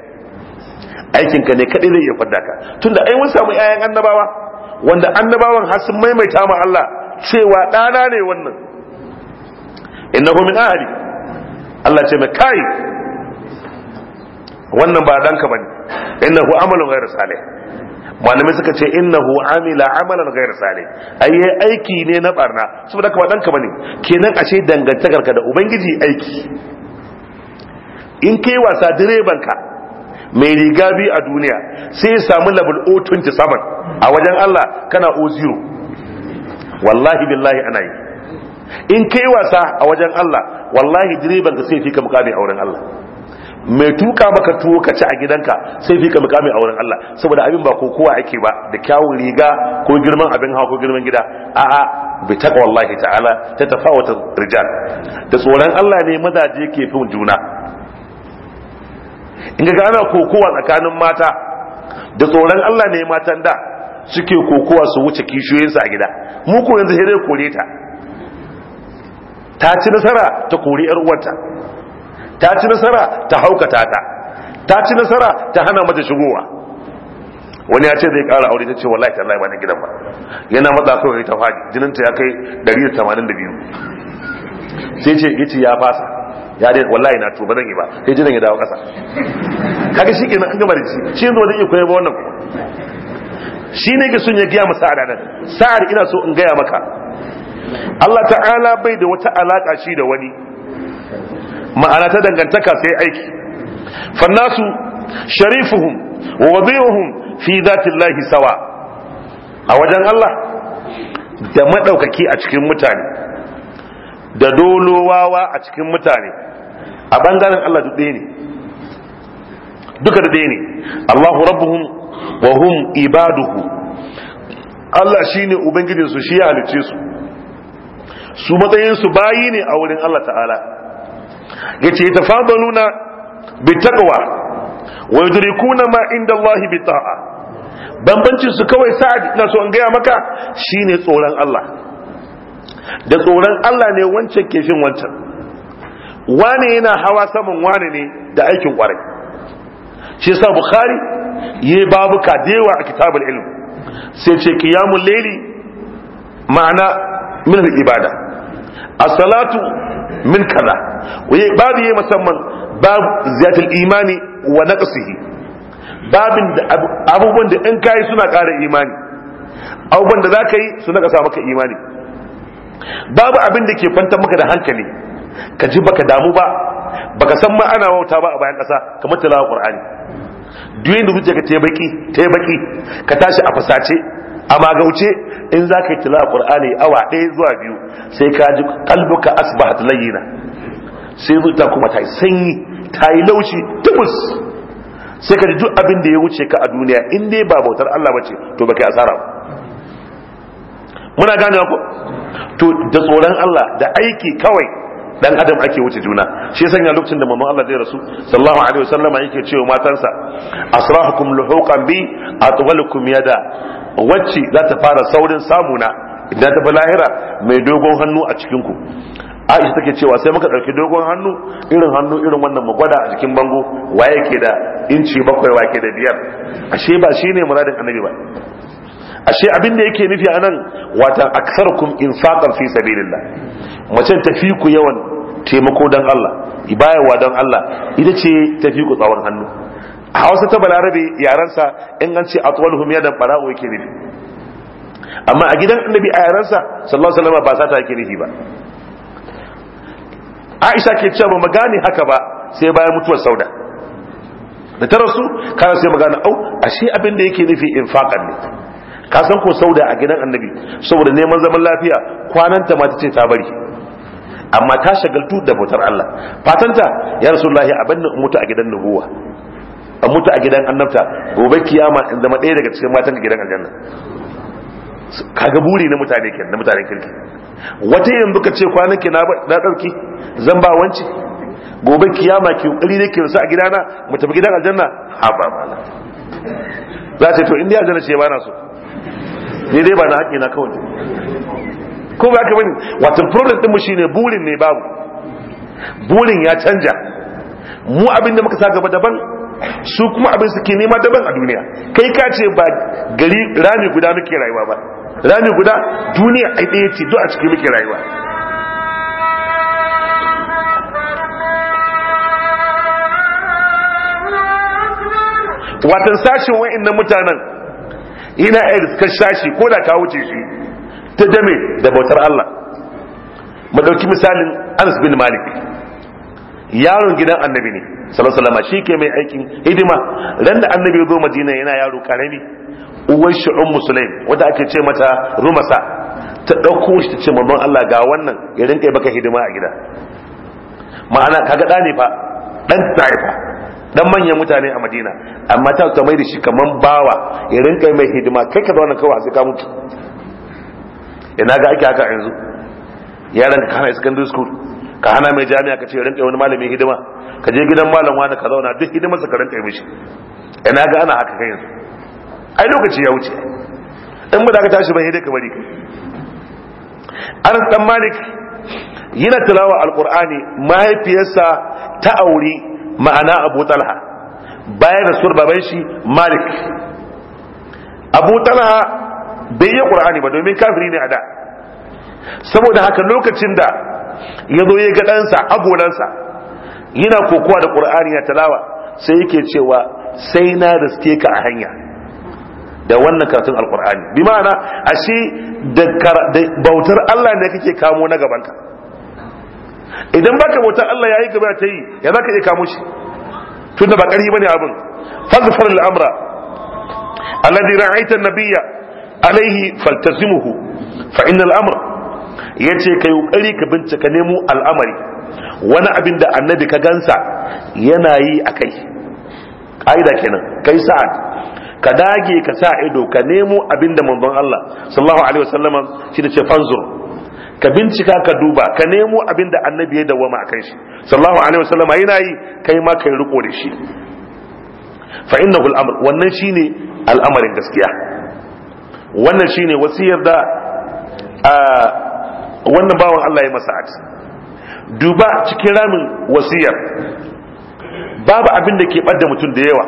S1: aikin ka ne kadai zai iya fidda ka tunda ai mun samu ƴaƴan annabawa wanda annabawan har sun maimaita ma Allah cewa ɗana ne wannan innahu min ahli Allah ce mai kai wannan ba danka bane innahu amalun ghairu salih malamai suka ce innahu amila amalan ghairu salih ayi aiki ne na barna saboda ka ba danka bane kenan ashe dangantakar ka da ubangiji aiki in kai wasa direban ka mai riga bi a duniya sai ya samu level 027 a wajen Allah kana 0 wallahi billahi ana yi in kai wasa a wajen Allah wallahi direban ka sai fi ka mukami a wurin Allah mai tuka maka tuwo ka ci a gidanka sai fi ka mukami a wurin Allah saboda abin ba ko kowa ake ba da kyawun riga ko girman abin hawa ko girman gida a'a bi taqwa wallahi ta'ala ta tafawata rijal da tsoron Allah ne mazaje ke fin juna in ga ana kokowa tsakanin mata da tsoron Allah ne matan da suke kokowa su wuce kishiyoyinsu a gida mu ko yanzu hirar kore ta ta ci nasara ta kori yar uwarta ta ci nasara ta haukata ta ta ci nasara ta hana mata shigowa wani ya ce zai kara aure ta ce wallahi ta ba na gidan ba yana matsa kawai ta jinin jininta ya kai 182 sai ce yace ya fasa ya dai wallahi na tuba zan yi ba sai jinan ya dawo kasa kaga shi kenan an gama da shi shi yanzu wajen ikoyi ba wannan shi ne ga sun ya gaya masa adadan sa'ar ina so in gaya maka Allah ta'ala bai da wata alaka shi da wani ma'ana ta dangantaka sai aiki fannasu sharifuhum wa wadi'uhum fi dhatillahi sawa a wajen Allah da madaukaki a cikin mutane da dolowawa a cikin mutane a bangaren Allah duk ɗaya ne duka da ɗaya ne Allahu rabbuhum wa hum ibaduhu Allah shine ubangijin su shi ya halice su su matsayin su bayi ne a wurin Allah ta'ala yace tafadaluna bi taqwa wa yudrikuna ma inda Allah bi ta'a bambancin su kawai sa'ad ina so in gaya maka shine tsoron Allah da tsoron Allah ne wancan ke fin wancan wane yana hawa saman wane ne da aikin kwarai shi yasa bukhari yayi babuka da yawa a kitabul ilm sai ce kiyamun laili ma'ana min ibada as-salatu min kaza waye babu yayi musamman babu ziyatul imani wa naqsihi babin da abubuwan da in kai suna ƙara imani abubuwan da ka yi su naka maka imani babu abin da ke kwantar maka da hankali ka ji baka damu ba baka san ma ana wauta ba a bayan ƙasa kamar tilawa ƙwar'ani duk yadda zuciya ka baki ta ka tashi a fasace a magauce in za ka yi tilawa ƙwar'ani awa ɗaya zuwa biyu sai ka ji kalbuka asbahat layyina sai zuciya kuma ta yi sanyi ta yi laushi tubus sai ka ji duk abin da ya wuce ka a duniya in dai ba bautar Allah bace to baka asara ba muna ganewa ko to da tsoron Allah da aiki kawai dan adam ake wuce juna shi sanya lokacin da mamman Allah zai rasu sallallahu alaihi wasallama yake cewa matansa asrahukum luhuqan bi atwalukum yada wacce za ta fara saurin samuna idan ta bi lahira mai dogon hannu a cikin ku aisha take cewa sai muka ɗauki dogon hannu irin hannu irin wannan magwada a jikin bango waye ke da inci bakwai ke da biyar ashe ba shine muradin annabi ba ashe abin da yake nufi anan watan aktsarukum infaqan fi sabilillah mace tafi ku yawan taimako dan Allah ibayawa dan Allah ita ce tafi ku tsawon hannu a Hausa ta Balarabe sa in an ce atwaluhum dan bara'u yake nufi amma a gidan annabi a sa sallallahu alaihi wasallam ba ta yake nufi ba Aisha ke cewa ba haka ba sai bayan mutuwar Sauda da ta rasu kana sai magana au ashe abin da yake nufi infaqan ne ka san ko sauda a gidan annabi saboda neman zaman lafiya kwananta ma ta ce ta bari amma ta shagaltu da bautar Allah fatanta ya rasulullahi abin mutu a gidan nubuwa a mutu a gidan annabta gobe kiyama in zama ɗaya daga cikin matan gidan aljanna kaga buri na mutane ke na mutanen kirki wata yanzu ka ce kwanan ki na dauki zan ba wanci gobe kiyama ki kokari ne ki rusa a gidana mu tafi gidan aljanna ha ba mala za ta to inda aljanna ce ba na so Daidai ba na haƙi na kawai ko ba ka bani wato problem ɗin mu shine burin ne babu burin ya canja mu abin da muka sa gaba daban su kuma abin suke nema daban a duniya kai ka ce ba gari rami guda muke rayuwa ba rami guda duniya ai ɗaya ce duk a cikin muke rayuwa watan sashin wa'in mutanen ina iya riskar shashi ko da ka wuce shi ta dame da bautar Allah mu ɗauki misalin Anas bin Malik yaron gidan annabi ne sallallahu alaihi wasallam shi ke mai aikin hidima ran da annabi ya zo Madina yana yaro karami uwan shi ummu sulaim wanda ake ce mata rumasa ta ɗauko shi ta ce mamman Allah ga wannan ya rinka baka hidima a gida ma'ana kaga ɗa ne fa ɗan ta fa dan manyan mutane a madina amma ta ta mai da shi kaman bawa ya rinka mai hidima kai ka zauna kawai sai ka mutu ina ga ake haka yanzu yaran ka kana secondary school ka hana mai jami'a ka ce ya rinka wani malami hidima ka je gidan malam wani ka zauna duk hidimar sa ka rinka yi mishi ina ga ana haka kai yanzu ai lokaci ya wuce in ba da ka tashi ba hidai ka bari kai Anas dan Malik yana tilawa alqur'ani mahaifiyarsa ta aure ma'ana abu talha bayan da rasuwar baban shi malik abu talha bai yi qur'ani ba domin kafiri ne a da saboda haka lokacin da ya zo ya ga ɗansa abolansa yana kokowa da qur'ani ya talawa sai yake cewa sai na riske ka a hanya da wannan karatun alqur'ani bi ma'ana ashe da bautar Allah ne kake kamo na gabanka idan baka bauta Allah yayi gaba ta yi ya zaka iya kamo shi tunda ba kari bane abin faghfar al-amra alladhi ra'aita an-nabiyya alayhi faltazimuhu fa inna al-amra yace kai kokari ka bincika nemo al'amari wani abin da annabi ka gansa yana yi akai ka'ida kenan kai sa'ad ka dage ka sa ido ka nemo abin da manzon Allah sallallahu alaihi wasallam shi da ce fanzur ka bincika ka duba ka nemo abin da annabi ya dawama a kan shi sallallahu alaihi wasallam yana yi kai ma kai riko da shi fa innahu al-amr wannan shine al'amarin gaskiya wannan shine wasiyar da wannan bawan Allah ya masa duba cikin ramin wasiyar babu abin da ke ɓadda mutum da yawa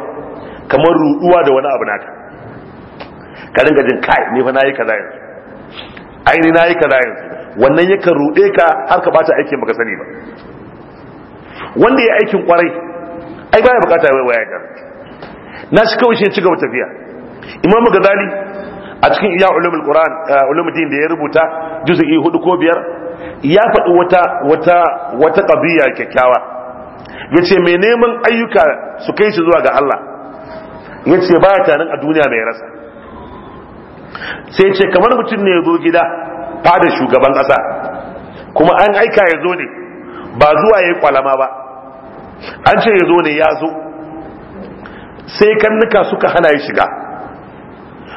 S1: kamar ruduwa da wani abu naka ka ringa jin kai ni fa nayi kaza yanzu ai ni nayi kaza yanzu wannan yakan ruɗe ka har ka bata aikin baka sani ba wanda ya aikin kwarai ai baya bukata wai waya da na shi kawai shi ya ci gaba tafiya imamu gazali a cikin iya ulumul qur'an eh, ulumuddin da ya rubuta juz'i hudu ko biyar ya faɗi wata wata wata qadiya kyakkyawa yace mai neman ayyuka su kai shi zuwa ga Allah yace ta nan a duniya mai rasa sai ce kamar mutum ne ya zo gida fadar shugaban ƙasa kuma an aika ya zo ne ba zuwa ya yi kwalama ba an ce ya zo ne ya zo sai karnuka suka hana ya shiga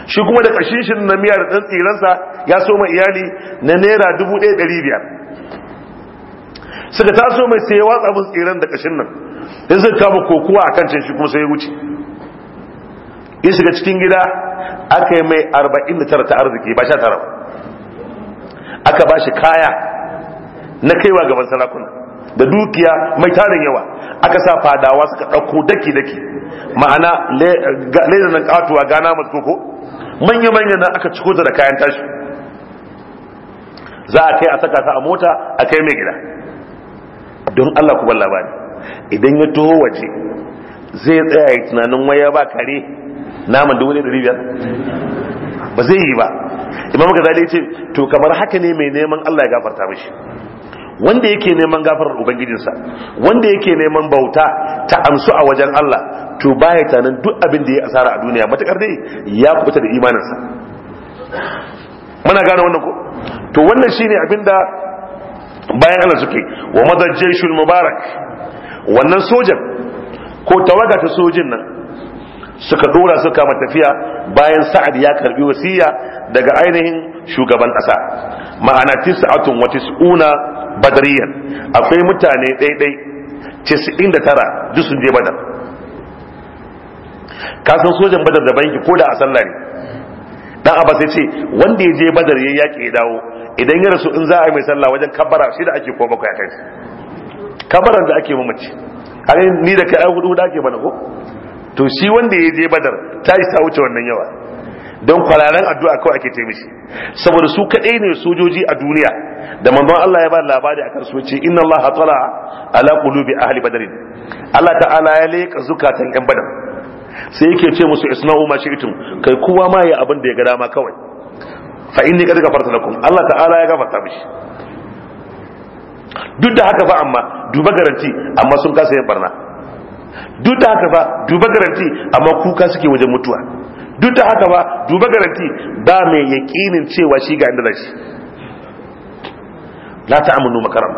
S1: shi kuma da ƙashin shi na miyar ɗan tsiransa ya so mai iyali na naira dubu ɗaya ɗari biyar suka taso mai sai ya watsa mun tsiran da ƙashin nan sai suka kama kokowa a kan shi kuma sai ya wuce in shiga cikin gida aka yi mai arba'in da tara ta arziki ba sha tara aka ba shi kaya na kaiwa gaban sarakuna da dukiya mai tarin yawa aka sa fadawa suka ɗauko daki-daki ma'ana leda nan katuwa gana masu koko manya-manya na aka ciko da kayan tashi za a kai a saka ta a mota a kai mai gida don allah ku ba labari idan ya toho waje zai tsaya yi tunanin waya ba kare naman biyar ba zai yi ba imam gazali ya ce to kamar haka ne mai neman Allah ya gafarta mishi wanda yake neman gafarar ubangijinsa wanda yake neman bauta ta amsu a wajen Allah to baya tanan duk abin da ya asara a duniya matakar dai ya kubuta da imaninsa muna gane wannan ko to wannan shine abin da bayan Allah suke wa madajjishul mubarak wannan sojan ko tawaga ta sojin nan suka dora suka kama tafiya bayan sa'ad ya karbi wasiya daga ainihin shugaban kasa ma'ana tis'atun wa tis'una badriyan akwai mutane da 99 duk sun je badar ka san sojan badar da banki ko da a sallah ne dan abba sai ce wanda ya je badar ya yaƙi ya dawo idan ya rasu in za a yi mai sallah wajen kabbara shi da ake ko bakwai kai kabbaran da ake mamaci a ni da kai ai hudu da ake bana ko to shi wanda ya je badar ta yi sa wuce wannan yawa don kwararren addu'a kawai ake mishi saboda su kaɗai ne sojoji a duniya da manzon Allah ya ba labari a su ce inna Allah tala ala qulubi ahli badr Allah ta'ala ya leka zukatan yan badar sai yake ce musu isna'u ma shi'tum kai kowa ma ya abin da ya ga dama kawai fa inni qad gafarta lakum Allah ta'ala ya gafarta mishi duk da haka fa amma duba garanti amma sun kasa yin barna duk da haka ba duba garanti amma kuka suke wajen mutuwa duk da haka ba duba garanti ba mai yakinin cewa shi ga inda da shi la amunu makaram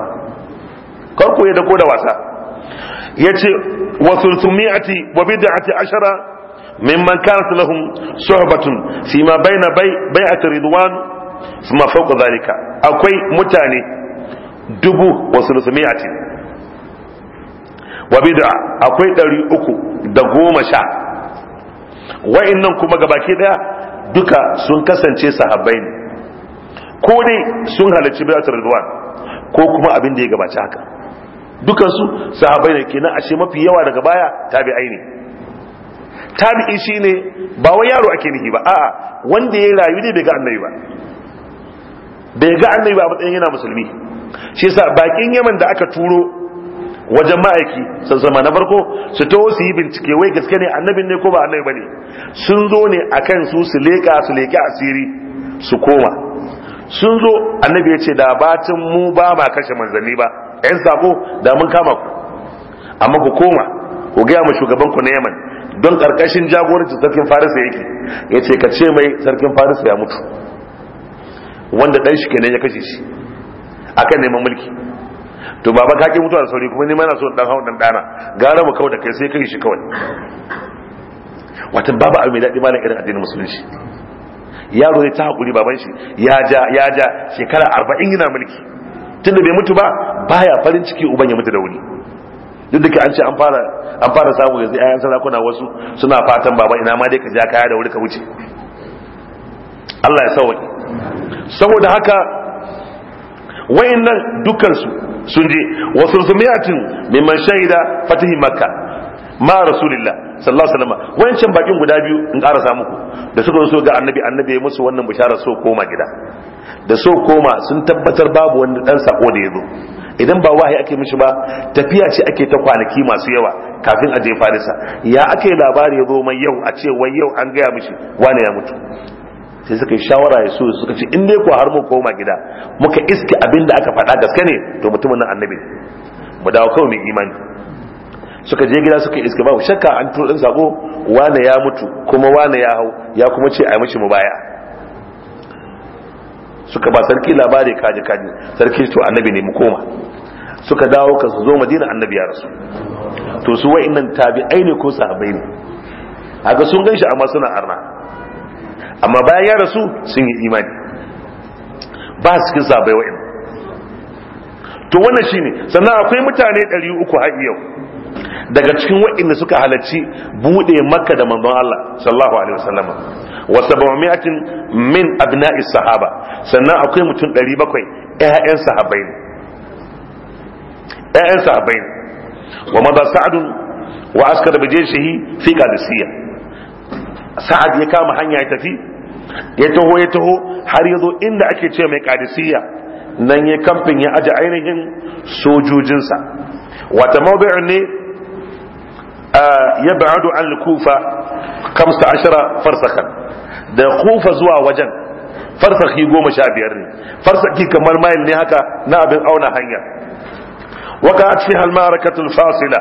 S1: kar ku ya ko da wasa yace wa sulsumi'ati wa bid'ati ashara mimman kanat lahum suhbatun ma baina bai'at ridwan thumma fawqa dhalika akwai mutane dubu wa sulsumi'ati wa bid'a akwai ɗari uku da goma sha wa'innan kuma gabaki daya duka sun kasance sahabbai ne ko dai sun halarci bid'atul ridwan ko kuma abin da ya gabaci haka dukansu sahabbai ne kenan ashe mafi yawa daga baya tabi'ai ne tabi'i shine ba wai yaro ake nihi ba a'a wanda ya rayu ne bai ga annabi ba bai ga annabi ba matsayin yana musulmi shi yasa bakin yaman da aka turo wajen ma'aiki sun sama na farko su to su yi bincike wai gaske ne annabin ne ko ba annabi bane sun zo ne akan su su leka su leki asiri su koma sun zo annabi ya ce da batin mu ba ma kashe manzanni ba yan sako da mun kama ku amma ku koma ku gaya mu shugaban ku na Yaman don karkashin jagoranci sarkin Faris yake ya ce ka ce mai sarkin Faris ya mutu wanda dan shi kenan ya kashe shi akan neman mulki to baba ka ki mutuwa da sauri kuma ni ma na so dan hawo dan dana gara mu kawai da kai sai kai shi kawai wato babu abu mai daɗi malam irin addinin musulunci yaro zai ta hakuri baban shi ya ja ya ja shekara arba'in yana mulki tunda bai mutu ba baya farin ciki uban ya mutu da wuri duk da an ce an fara an fara samu yanzu ayan sarakuna wasu suna fatan baba ina ma dai ka ja kaya da wuri ka wuce Allah ya sauke saboda haka wayannan dukansu sun je wa sulsumiyatin man shaida fatihi makka ma rasulillah sallallahu alaihi wasallam wayancan bakin guda biyu in karasa muku da suka so ga annabi annabi ya musu wannan bishara so koma gida da so koma sun tabbatar babu wani dan sako da yazo idan ba wahayi ake mishi ba tafiya ce ake ta kwanaki masu yawa kafin a je farisa ya ake labari ya zo mai yau a ce wai yau an gaya mishi wani ya mutu sai suka yi shawara ya so suka ce in dai ko har mu koma gida muka iske abin da aka faɗa gaske ne to mutumin nan annabi mu dawo kawai mai imani suka je gida suka iske babu shakka an turo ɗin sako wane ya mutu kuma wane ya hau ya kuma ce a yi mu baya. suka ba sarki labari kaji kaji sarki to annabi ne mu koma suka dawo ka su zo madina annabi ya rasu to su wa'annan tabi'ai ne ko sahabbai ne haka sun ganshi amma suna arna amma bayan ya rasu sun yi imani ba su kin bai wa'in to wannan ne sannan akwai mutane 300 har yau daga cikin wa'inda suka halarci bude maka da manzon Allah Sallahu alaihi wasallam wa 700 min abna'is sahaba sannan akwai mutum 700 ƴaƴan sahabbai ne ƴaƴan sahabbai ne wa madasa'adun wa askar bijeshi fi qadisiyah sa'ad ya kama hanya ya tafi ya taho ya taho har ya zo inda ake ce mai kadisiya nan ya kamfin ya aje ainihin sojojinsa wata mawdu'in ne ya ba'adu an kufa kamsa ashara farsakan da kufa zuwa wajen farsaki goma sha biyar ne farsaki kamar mayil ne haka na abin auna hanya وقعت فيها المعركة الفاصلة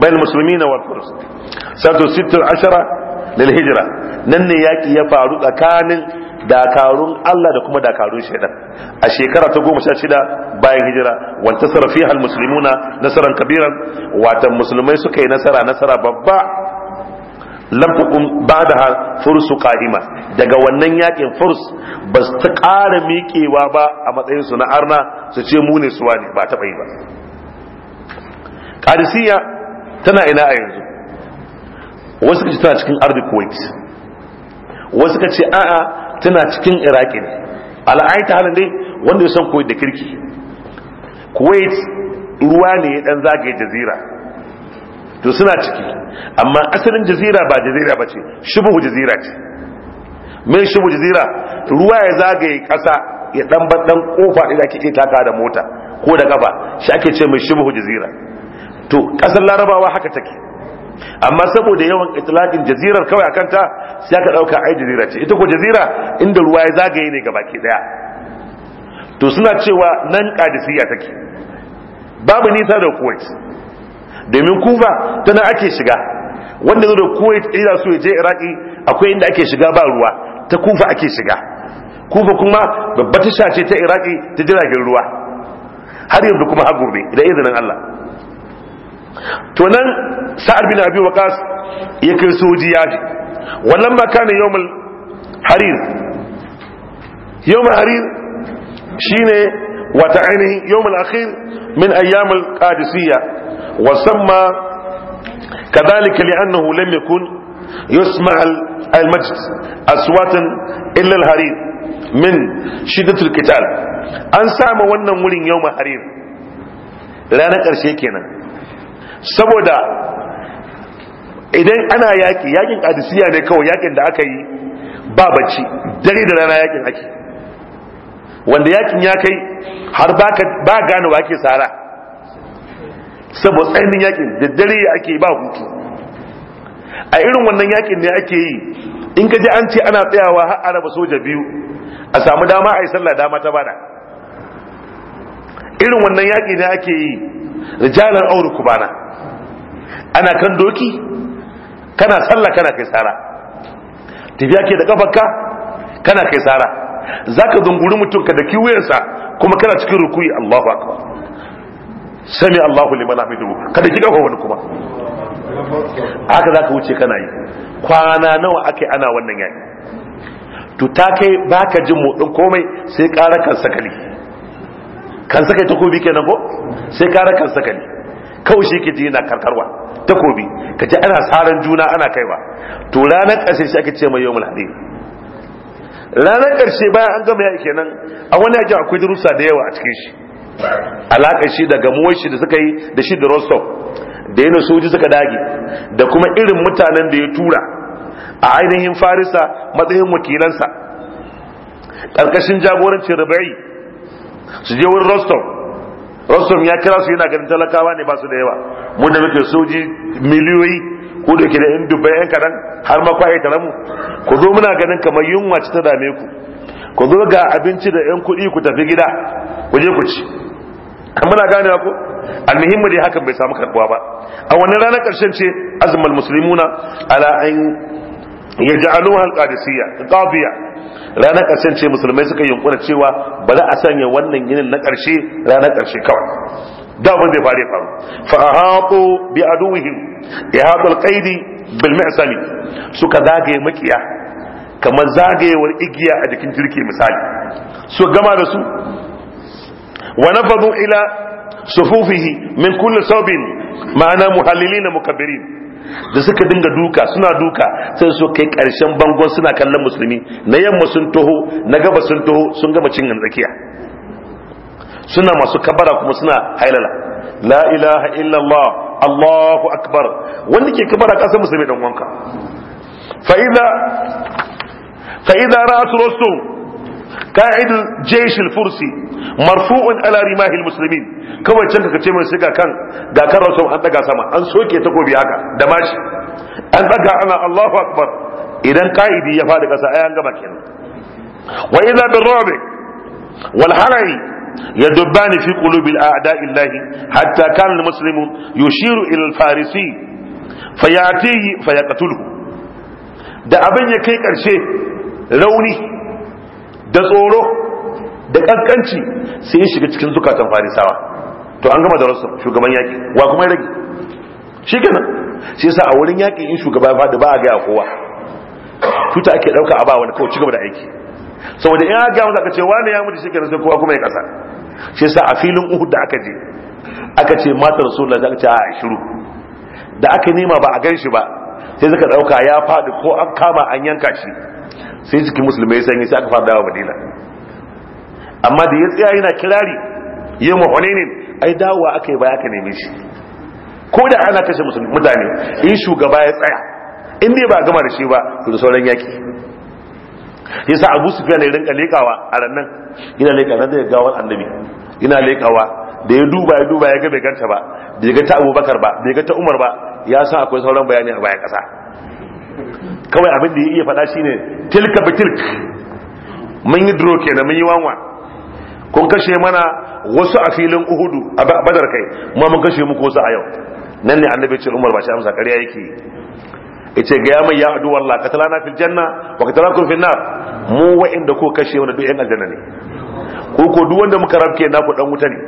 S1: بين المسلمين والفرس سنة ست عشرة lil hijra nan ne yaki ya faru tsakanin dakarun Allah da kuma dakarun shaidan a shekara ta goma sha shida bayan hijira wanta sarrafi hal musulmuna nasaran kabiran watan musulmai suka yi nasara nasara babba lam bada ba'daha fursu qa'ima daga wannan yakin furs ba su ta ƙara miƙewa ba a matsayin su na arna su ce mu ne suwa ne ba ta yi ba qadisiyya tana ina a yanzu wasu ka ce tana cikin ardi kuwait wasu ka ce a'a tana cikin iraki ne al'ayi ta halin dai wanda ya san kuwait da kirki kuwait ruwa ne ya dan zagaye jazira to suna ciki amma asalin jazira ba jazira ba ce shubuhu jazira ce mai shubuhu jazira ruwa ya zagaye kasa ya dan baddan kofa ɗin da ake taka da mota ko da gaba shi ake ce mai shubuhu jazira to ƙasar larabawa haka take amma saboda yawan itilakin jazirar kawai a kanta sai aka ɗauka ai jazira ce ita ko jazira inda ruwa ya zagaye ne gabaki ɗaya. to suna cewa nan qadisiyya take babu nisa da kuwait domin kufa tana ake shiga wanda zo da kuwait ila so ya je iraki akwai inda ake shiga ba ruwa ta kufa ake shiga kufa kuma babbar tasha ce ta iraki ta jiragen ruwa har yanzu kuma har gobe da izinin Allah to nan sa'ad bin abi waqas ya kai soji ya ji wannan ma kana yawmul harir yawmul harir shine wata ainihin yawmul akhir min ayyamul qadisiyya wa samma kadhalika li'annahu lam yakun yusma al-majlis aswatan illa al-harir min shiddatul qital an sama wannan wurin yawmul harir ranar ƙarshe kenan saboda idan ana yaki yakin kadisiya ne kawai yakin da aka yi ba bacci dare da rana yakin ake wanda yakin ya kai har ba gane wa ake tsara saboda tsanin yakin da dare ake ba hutu a irin wannan yakin ne ake yi in ka ji an ce ana tsayawa har araba soja biyu a samu dama a yi sallah dama ta bada irin wannan yaƙi ne ake yi rijalar aure kubana ana kan doki kana sallah kana kai sara tafiya ke da kafarka kana kai sara zaka zunguri mutum ka da kiwuyansa kuma kana cikin rukuyi Allahu akbar sami Allahu liman hamidu ka da dauka wani kuma haka zaka wuce kana yi kwana nawa ake ana wannan yayi to ta kai baka jin motsin komai sai ƙara kan sakali kan sakai takobi kenan ko sai ƙara kan sakali kawai shi ke ji yana karkarwa takobi ka ji ana saran juna ana kaiwa to ranar ƙarshe shi ake ce mai yawon hadir ranar ƙarshe bayan an gama yaƙi kenan a wani yaƙi akwai darussa da yawa a cikin shi alaƙar shi da gamuwar shi da suka yi da shi da rostov da yana soji suka dage da kuma irin mutanen da ya tura a ainihin farisa matsayin wakilansa ƙarƙashin jagorancin rabai su je wurin rostov rostom ya kira su yana ganin talakawa ne ba su da yawa mun da muke soji miliyoyi ko da ke da yan dubbai yan kadan har ma kwaye tare mu ku zo muna ganin kamar yunwa ci ta dame ku ku zo ga abinci da yan kuɗi ku tafi gida ku je ku ci muna ganewa ku almuhimmi dai hakan bai samu karbuwa ba a wannan ranar karshen ce azmal muslimuna ala an yaj'aluha alqadisiyya qadiyya ranar ƙarshen ce musulmai suka yunkura cewa ba za a sanya wannan yinin na ƙarshe ranar ƙarshe kawai da abin zai fare faru fa ahatu bi aduwihim ihatul qaidi bil mi'sami suka zagaye makiya kamar zagayewar igiya a jikin jirki misali su gama da su wa nafadu ila sufufihi min kulli sawbin ma'ana na mukabbirin da suka dinga duka suna duka sai su kai karshen bangon suna kallon musulmi na yamma sun taho na gaba sun taho sun gama cin tsakiya suna masu kabara kuma suna hailala la ilaha illallah allahu akbar wanda ke kabara kasar musulmi dan wanka fa idza fa idza قاعد الجيش الفرسي مرفوع على رماح المسلمين كما تشنك كتير من سيكا كان غا كان رسول أن تقع سما أن سوكي تقو بيهاك دماش أن تقع أنا الله أكبر إذن قائدي يفادك سأيان كما كان وإذا بالرعب والحرعي يدبان في قلوب الأعداء الله حتى كان المسلم يشير إلى الفارسي فيأتيه فيقتله da abin ya kai ƙarshe rauni da tsoro da kankanci sai ya shiga cikin zukatan farisawa to an gama da rasu shugaban yaki wa kuma ya rage shi kenan sai sa a wurin yaki in shugaba ya ba a gaya kowa tuta ake ɗauka a ba wani kawai cigaba da aiki saboda in aka gaya aka ce wani ya mutu shi kenan sai kowa kuma ya kasa shi sa a filin uhud da aka je aka ce matar da aka ce a shiru da aka nema ba a gan shi ba sai suka ɗauka ya faɗi ko an kama an yanka shi sai jikin musulmai sanyi sai aka fara dawo madina amma da ya tsaya yana kirari ya muhunenin ai dawowa aka yi baya ka neme shi ko da ana kashe mutane in shugaba ya tsaya in dai ba gama da shi ba to da sauran yaki yasa abu sufyan ya rinka lekawa a rannan yana leka da gawar annabi yana lekawa da ya duba ya duba ya ga bai ganta ba bai ga ta abubakar ba bai ga ta umar ba ya san akwai sauran bayani a bayan kasa kawai abin da ya iya faɗa shine tilka bi tilk mun yi duro kenan mun yi wanwa kun kashe mana wasu a filin uhudu a badar kai ma mun kashe muku wasu a yau nan ne annabi ce umar ba shi amsa kariya yake yace ga ya mai ya adu wallah katalana fil janna wa katalakum fil nar mu wa'inda ko kashe wanda duk yan aljanna ne ko ko duk wanda muka rabke na ku dan wuta ne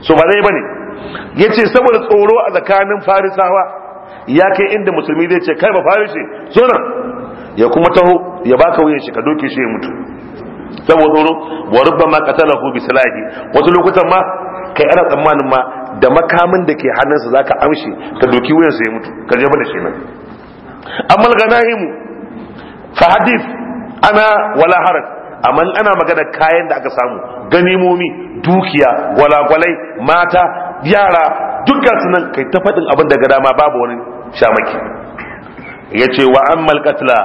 S1: so ba zai bane yace saboda tsoro a tsakanin farisawa ya kai inda musulmi zai ce kai ba fari shi suna ya kuma taho ya baka wuyan shi ka doke shi ya mutu saboda tsoro wa rubbama qatalahu bi salahi wasu lokutan ma kai ana tsammanin ma da makamin da ke hannunsa za ka amshi ka doki wuyan sa ya mutu ka je da shi nan amma ganahimu fa hadith ana wala haraj amma ana magana kayan da aka samu ganimomi dukiya gwalagwalai mata yara dukkan su nan kai ta faɗin abin da ga dama babu wani shamaki ya ce wa an malkatla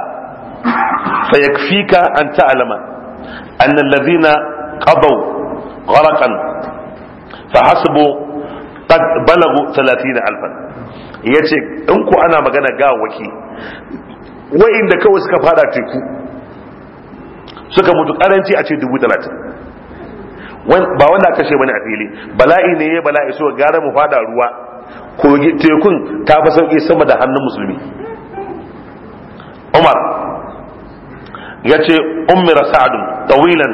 S1: fa yakfika an ta'alama an allazina qadaw gharqan fa hasbu qad alfan. Ya ce in ku ana magana ga waki da kawai suka fada teku suka mutu karanci a ce 30000 ba wanda kashe wani a fili bala'i ne ya bala'i so gara mu fada ruwa kogi tekun ta fi sauƙi sama da hannun musulmi umar ya ce umar sa'adun tawilan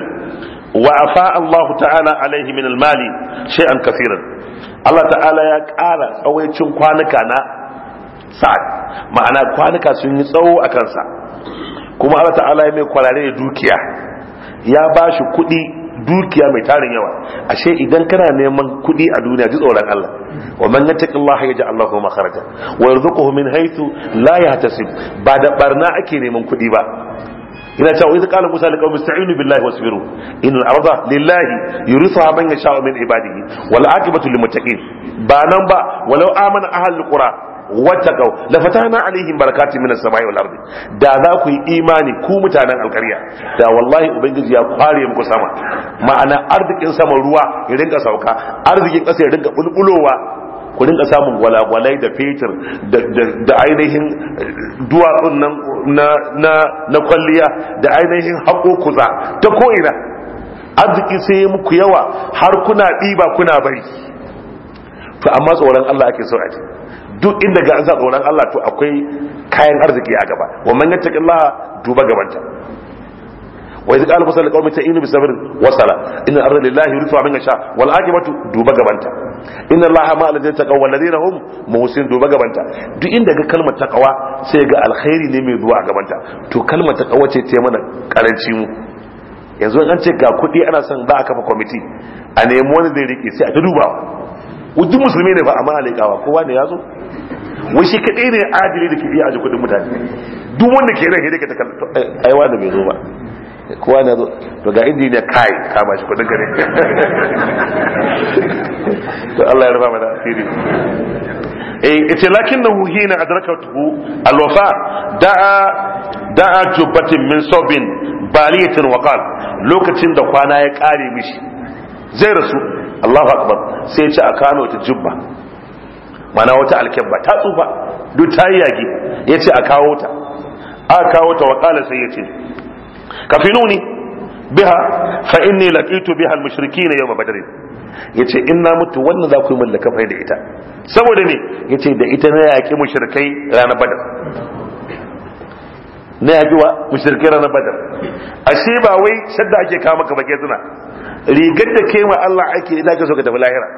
S1: wa afa Allah ta'ala alaihi min almali shay'an kafiran Allah ta'ala ya ƙara tsawaicin kwanuka na sa'ad ma'ana kwanuka sun yi tsawo a kansa kuma Allah ta'ala ya mai kwarare da dukiya ya ba shi kuɗi dukiya mai tarin yawa ashe idan kana neman kuɗi a duniya ji tsoron Allah wa man yattaqi Allah yaj'al lahu makharaja wa yarzuquhu min haythu la yahtasib ba da barna ake neman kuɗi ba ina cewa idza qala musa liqawmi ista'inu billahi wasbiru in al-arda lillahi yurithuha man yasha'u min ibadihi wal aqibatu lil muttaqin ba nan ba walau amana ahlul qura wattaqaw la fatana alaihim barakatun minas samai wal ardi da za ku yi imani ku mutanen alƙarya da wallahi ubangiji ya kware muku sama ma'ana arzikin sama ruwa ya rinka sauka arzikin kasa ya rinka bulbulowa ku rinka samun gwalagwalai da fetur da ainihin eh, duwatsun na kwalliya da ainihin haƙo kuza ta ko ina arziki sai ya muku yawa har kuna ɗiba kuna bari to amma tsoron Allah ake so a duk inda ga an sa tsoron Allah to akwai kayan arziki a gaba wa man Allah duba gabanta wa idza qala musalli qawmi ta'inu bi sabr wa sala inna arda lillahi yurifu man yasha wal aqibatu duba gabanta inna allaha ma alladhi taqaw wal ladina hum muhsin duba gabanta duk inda ga kalmar taqwa sai ga alkhairi ne mai zuwa gabanta to kalmar taqwa ce ta mana karanci mu yanzu an ce ga kuɗi ana son za a kafa kwamiti a nemi wani zai riƙe sai a ta dubawa wajen musulmi ne ba amma alaikawa kowa ne ya zo wai shi kaɗai ne adili da kifi a ji kuɗin mutane duk wanda ke rai ka ta kallon aiwa da bai zo ba kowa na zo to ga inda ne kai kama shi kuɗin gare to Allah ya rufa mana asiri eh ita lakin na huhi na adarka tuhu alwafa da'a da'a jubbatin min saubin baliyatin waqal lokacin da kwana ya kare mishi zai rasu Allahu akbar sai ce a Kano ta jubba mana wata alkebba ta tsufa duk ta yi yage ya ce a kawo ta a kawo ta wakala sai ya ce kafinuni biha fa inni laqitu biha al na yawm badr yace in na mutu wannan za ku yi mallaka fa da ita saboda me yace da ita na yaki mushrikai ranar badar na ya wa mushrikai ranar badar ashe ba wai shadda ake kawo maka bakin suna rigar da ke ma Allah ake idan ka so ka tafi lahira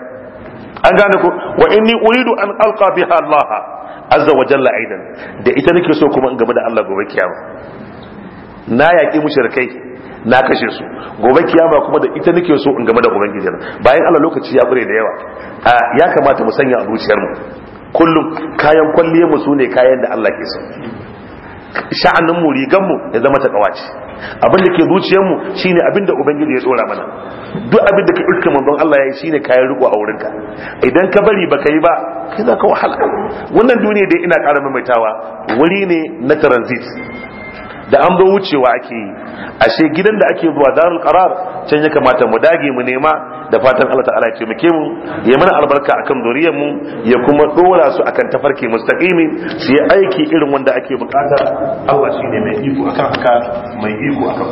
S1: an gane ku? wa inni uridu an alqa biha Allah azza wa jalla aidan da ita nake so kuma in game da Allah gobe kiyama na yaƙi mushrikai na kashe su gobe kiyama kuma da ita nake so in game da ubangiji bayan Allah lokaci ya bure da yawa ya kamata mu sanya a zuciyarmu kullum kayan kwalliyar mu sune kayan da Allah ke so sha'anin mu rigan mu ya zama ta kawaci abin da ke zuciyar mu shine abin da ubangiji ya tsora mana duk abin da ka irka manzon Allah yi shine kayan riko a wurinka idan ka bari baka yi ba kai za ka wahala wannan duniya dai ina ƙara maimaitawa wuri ne na transit da an zo wucewa ake yi ashe gidan da ake zuwa darul qarar can ya kamata mu dage mu nema da fatan Allah ta'ala ya taimake mu ya mana albarka akan zuriyar mu ya kuma dora su akan tafarki mustaqimi su yi aiki irin wanda ake bukata Allah shine mai iko akan haka mai iko akan